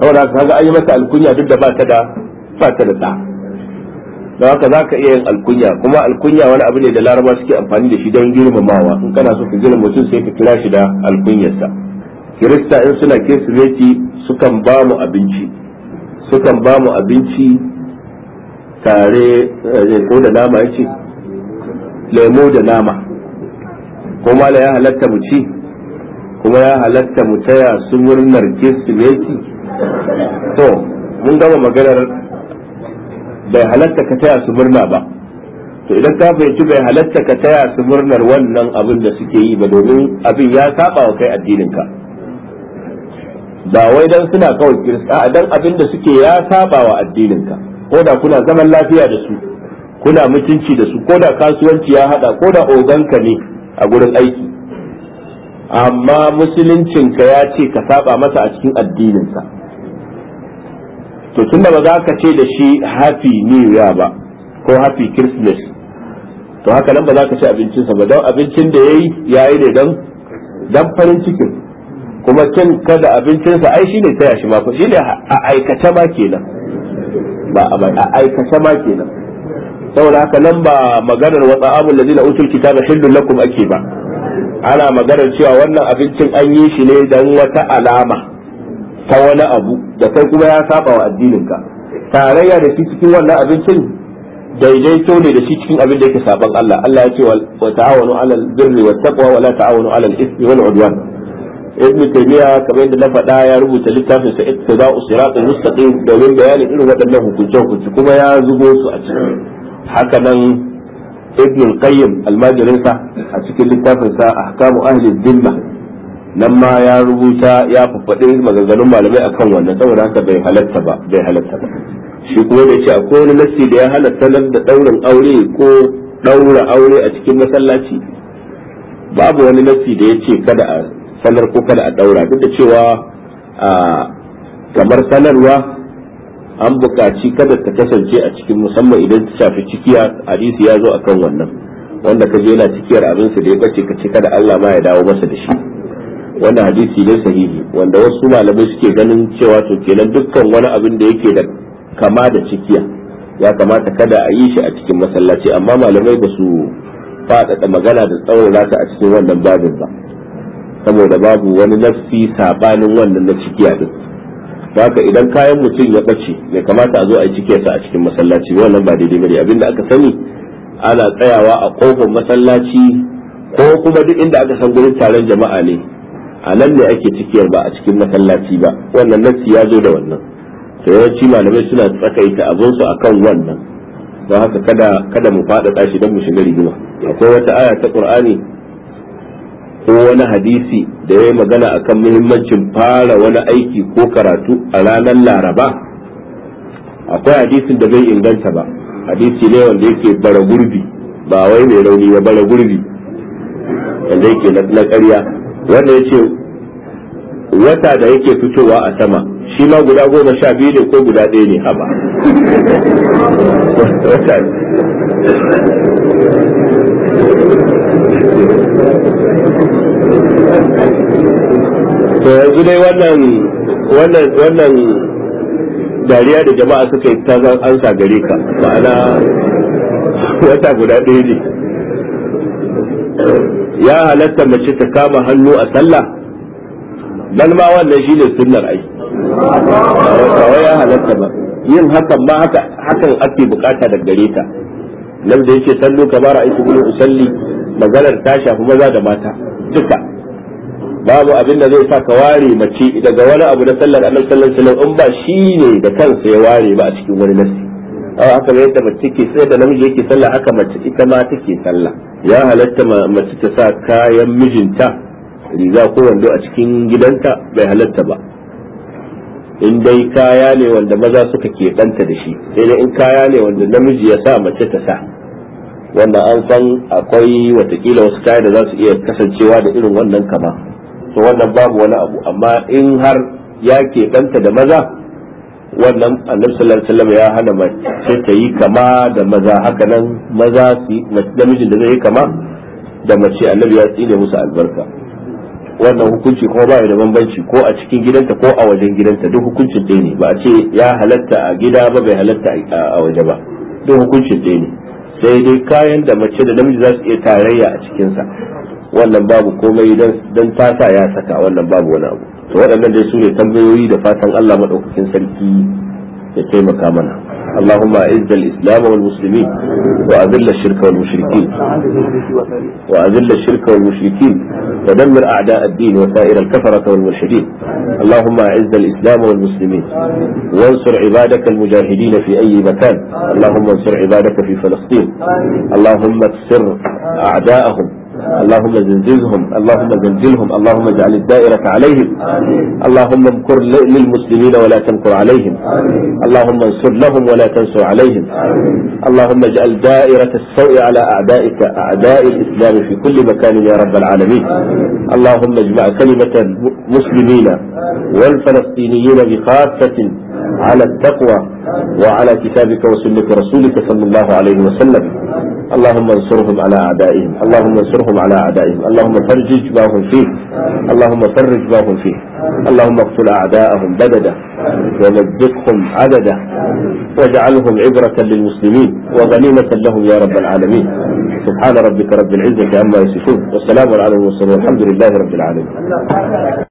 S2: saboda haka an yi mata alkunya duk da ba ta da ba ta da don haka za ka iya yin alkunya kuma alkunya wani abu ne da laraba suke amfani da shi don girmamawa in kana so ka gina mutum sai ka kira shi da alkunyarsa kirista in suna kirsimeti sukan ba mu abinci sukan ba mu abinci tare eh, ko da nama ya ce lemo da nama kuma da ya halatta mu ci kuma ya halatta mu taya su murnar kirsimeti to mun gama maganar bai halatta ka taya su murna ba to idan ka fahimci bai halatta ka taya su murnar wannan abin da suke yi ba domin abin ya saba wa kai addininka ba wai dan suna kawai kirista A dan abin da suke ya saba wa addininka ko da kuna zaman lafiya da su kuna mutunci da su ko da kasuwanci ya hada ko da oganka ne a gurin aiki amma musuluncinka ya ce ka saba masa a cikin addininsa to tunda ba za ka ce da shi happy new year ba ko happy christmas to haka nan ba za ka ci abincinsa ba don abincin da ya yi ya yi ne don dan farin cikin kuma cin kada abincinsa ai shine taya shi ma shine a aikace ma kenan ba a aikace ma kenan saboda haka nan ba maganar wa ta'amul ladina utul kitaba hillul lakum ake ba ana maganar cewa wannan abincin an yi shi ne dan wata alama ta wani abu da kai kuma ya saba wa addininka tarayya da shi cikin wannan abincin daidai daidaito ne da shi cikin abin da yake saban Allah Allah ya ce wa ta'awunu 'alal birri wat taqwa wa la ta'awunu 'alal ismi wal 'udwan ibn taymiya kamar yadda na faɗa ya rubuta littafin sa ittiba'u siratal mustaqim domin bayani irin waɗannan hukunce hukunce kuma ya zubo su a cikin haka nan ibn qayyim almajirin a cikin littafin sa ahkamu ahli dhimma nan ma ya rubuta ya faɗi maganganun malamai akan wannan saboda haka bai halatta ba bai halatta ba shi kuma da yace akwai wani nassi da ya hana sanar da ɗaurin aure ko ɗaura aure a cikin masallaci babu wani nassi da ya ce kada a sanar ko kada a ɗaura. duk da cewa kamar sanarwa an buƙaci kada ta kasance a cikin musamman idan ta shafi cikiya hadisi ya zo akan wannan wanda ka je yana cikiyar abin da ya bace ka ce kada Allah ma ya dawo masa da shi wannan hadisi ne sahihi wanda wasu malamai suke ganin cewa to kenan dukkan wani abin da yake da kama da cikiya ya kamata kada a yi shi a cikin masallaci amma malamai ba su faɗaɗa magana da tsawon ta a cikin wannan babin ba saboda babu wani nafsi sabanin wannan na cikiya din haka idan kayan mutum ya bace mai kamata a zo a yi cikiyarsa a cikin masallaci wannan ba daidai bane abinda aka sani ana tsayawa a kofar masallaci ko kuma duk inda aka san gurin taron jama'a ne a nan ne ake cikiyar ba a cikin masallaci ba wannan nassi ya zo da wannan to yawanci malamai suna tsakaita abin su akan wannan don haka kada kada mu faɗaɗa tashi don mu shiga rigima akwai wata aya ta qur'ani ko wani hadisi da ya yi magana akan muhimmancin fara wani aiki ko karatu a ranar laraba akwai hadisin da bai inganta ba hadisi ne wanda yake bara gurbi ba wai mai rauni ba bara gurbi wanda yake na ƙarya wanda ya ce wata da yake fitowa a sama shi ma guda goma sha biyu ne ko guda ɗaya ne haba
S1: to yanzu dai wannan wannan wannan dariya da
S2: jama'a suka yi ta an sa gare ka ma'ana wata guda ɗaya ne ya halatta mace ta kama hannu a sallah dan ma wannan shine sunnar ai ba ya halatta ba yin hakan ma haka hakan ake bukata da gare ta nan da yake sallu kamar ra'aytu ku salli. maganar ta shafi maza da mata duka babu abin da zai sa ka ware mace daga wani abu na sallar annabi sallallahu alaihi wasallam in ba shine da kansa ya ware ba a cikin wani nasi haka yadda mace ke sai da namiji yake sallah haka mace ita ma take sallah ya halatta mace ta sa kayan mijinta riga ko wando a cikin gidanta bai halatta ba in dai kaya ne wanda maza suka danta da shi sai dai in kaya ne wanda namiji ya sa mace ta sa wanda an san akwai watakila wasu kaya da za su iya kasancewa da irin wannan kama to wannan babu wani abu amma in har ya danta da maza wannan annabi sallallahu alaihi wasallam ya hana mace ta yi kama da maza haka nan maza su namijin da zai yi kama da mace annabi ya tsine musu albarka wannan hukunci kuma ba da bambanci ko a cikin gidanta ko a wajen gidanta duk hukuncin ɗaya ne ba a ce ya halatta a gida ba bai halatta a waje ba duk hukuncin ɗaya ne sai dai kayan da mace da namiji za su iya tarayya a cikinsa wannan babu komai dan tasa ya saka wannan babu wani abu to waɗannan dai su ne tambayoyi da fatan Allah madaukakin sarki ya taimaka mana اللهم أعز الإسلام والمسلمين وأذل الشرك والمشركين وأذل الشرك والمشركين ودمر أعداء الدين وسائر الكفرة والملحدين اللهم أعز الإسلام والمسلمين وانصر عبادك المجاهدين في أي مكان اللهم انصر عبادك في فلسطين اللهم اكسر أعداءهم اللهم زلزلهم اللهم زلزلهم اللهم اجعل الدائرة عليهم اللهم امكر للمسلمين ولا تمكر عليهم اللهم انصر لهم ولا تنصر عليهم اللهم اجعل دائرة السوء على أعدائك أعداء الإسلام في كل مكان يا رب العالمين اللهم اجمع كلمة المسلمين والفلسطينيين بخاصة على التقوى
S3: وعلى
S2: كتابك وسنة رسولك صلى الله عليه وسلم اللهم انصرهم على أعدائهم اللهم انصرهم على أعدائهم اللهم فرج جباهم فيه اللهم فرج جباهم فيه اللهم اقتل أعداءهم بددا ومزقهم عددا واجعلهم عبرة للمسلمين وغنيمة لهم يا رب العالمين سبحان ربك رب العزة عما يصفون والسلام على المرسلين والحمد لله رب
S3: العالمين